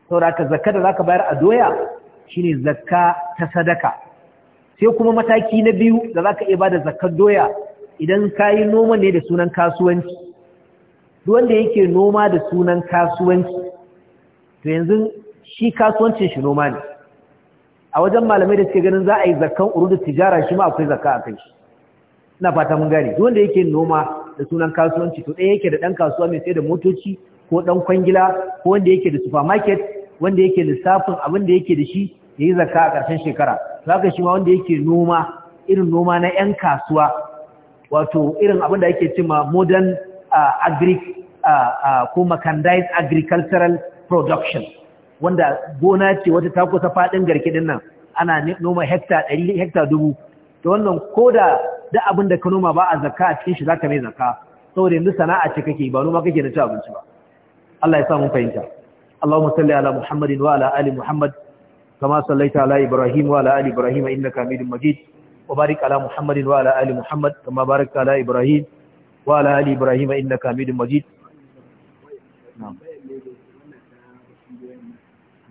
sauraka zakka da za ka bayar a doya shine zakka ta sadaka sai kuma mataki na biyu da za ka iya ba da zakkar doya idan ka yi noma ne da sunan kasuwanci duk yake noma da sunan kasuwanci to yanzu shi kasuwancin shi noma ne a wajen malamai da suke ganin za a yi zakkan urudu tijara shi ma akwai zakka a kai shi ina fata mun gane duwanda yake noma da sunan kasuwanci to ɗaya yake da ɗan kasuwa mai sai da motoci ko ɗan kwangila ko wanda yake da supermarket wanda yake lissafin abin da yake da shi ya yi zakka a ƙarshen shekara za ka shi ma wanda yake noma irin noma na ƴan kasuwa wato irin abin da ake cima modern agric ko mechanized agricultural production wanda gona ce wata ta kusa faɗin garke ɗin nan ana noma hekta ɗari hekta dubu to wannan ko da da abin da ka noma ba a zakka a cikin shi zaka mai zakka saboda yanzu sana'a ce kake ba noma kake da ci abinci ba Allah ya sa mun fahimta Allahumma salli ala Muhammadin wa ala ali Muhammad kama sallaita ala Ibrahim wa ala ali Ibrahim innaka Hamidum Majid wa barik ala Muhammadin wa ala ali Muhammad kama barakta ala Ibrahim wa ala ali Ibrahim innaka Hamidum Majid Na'am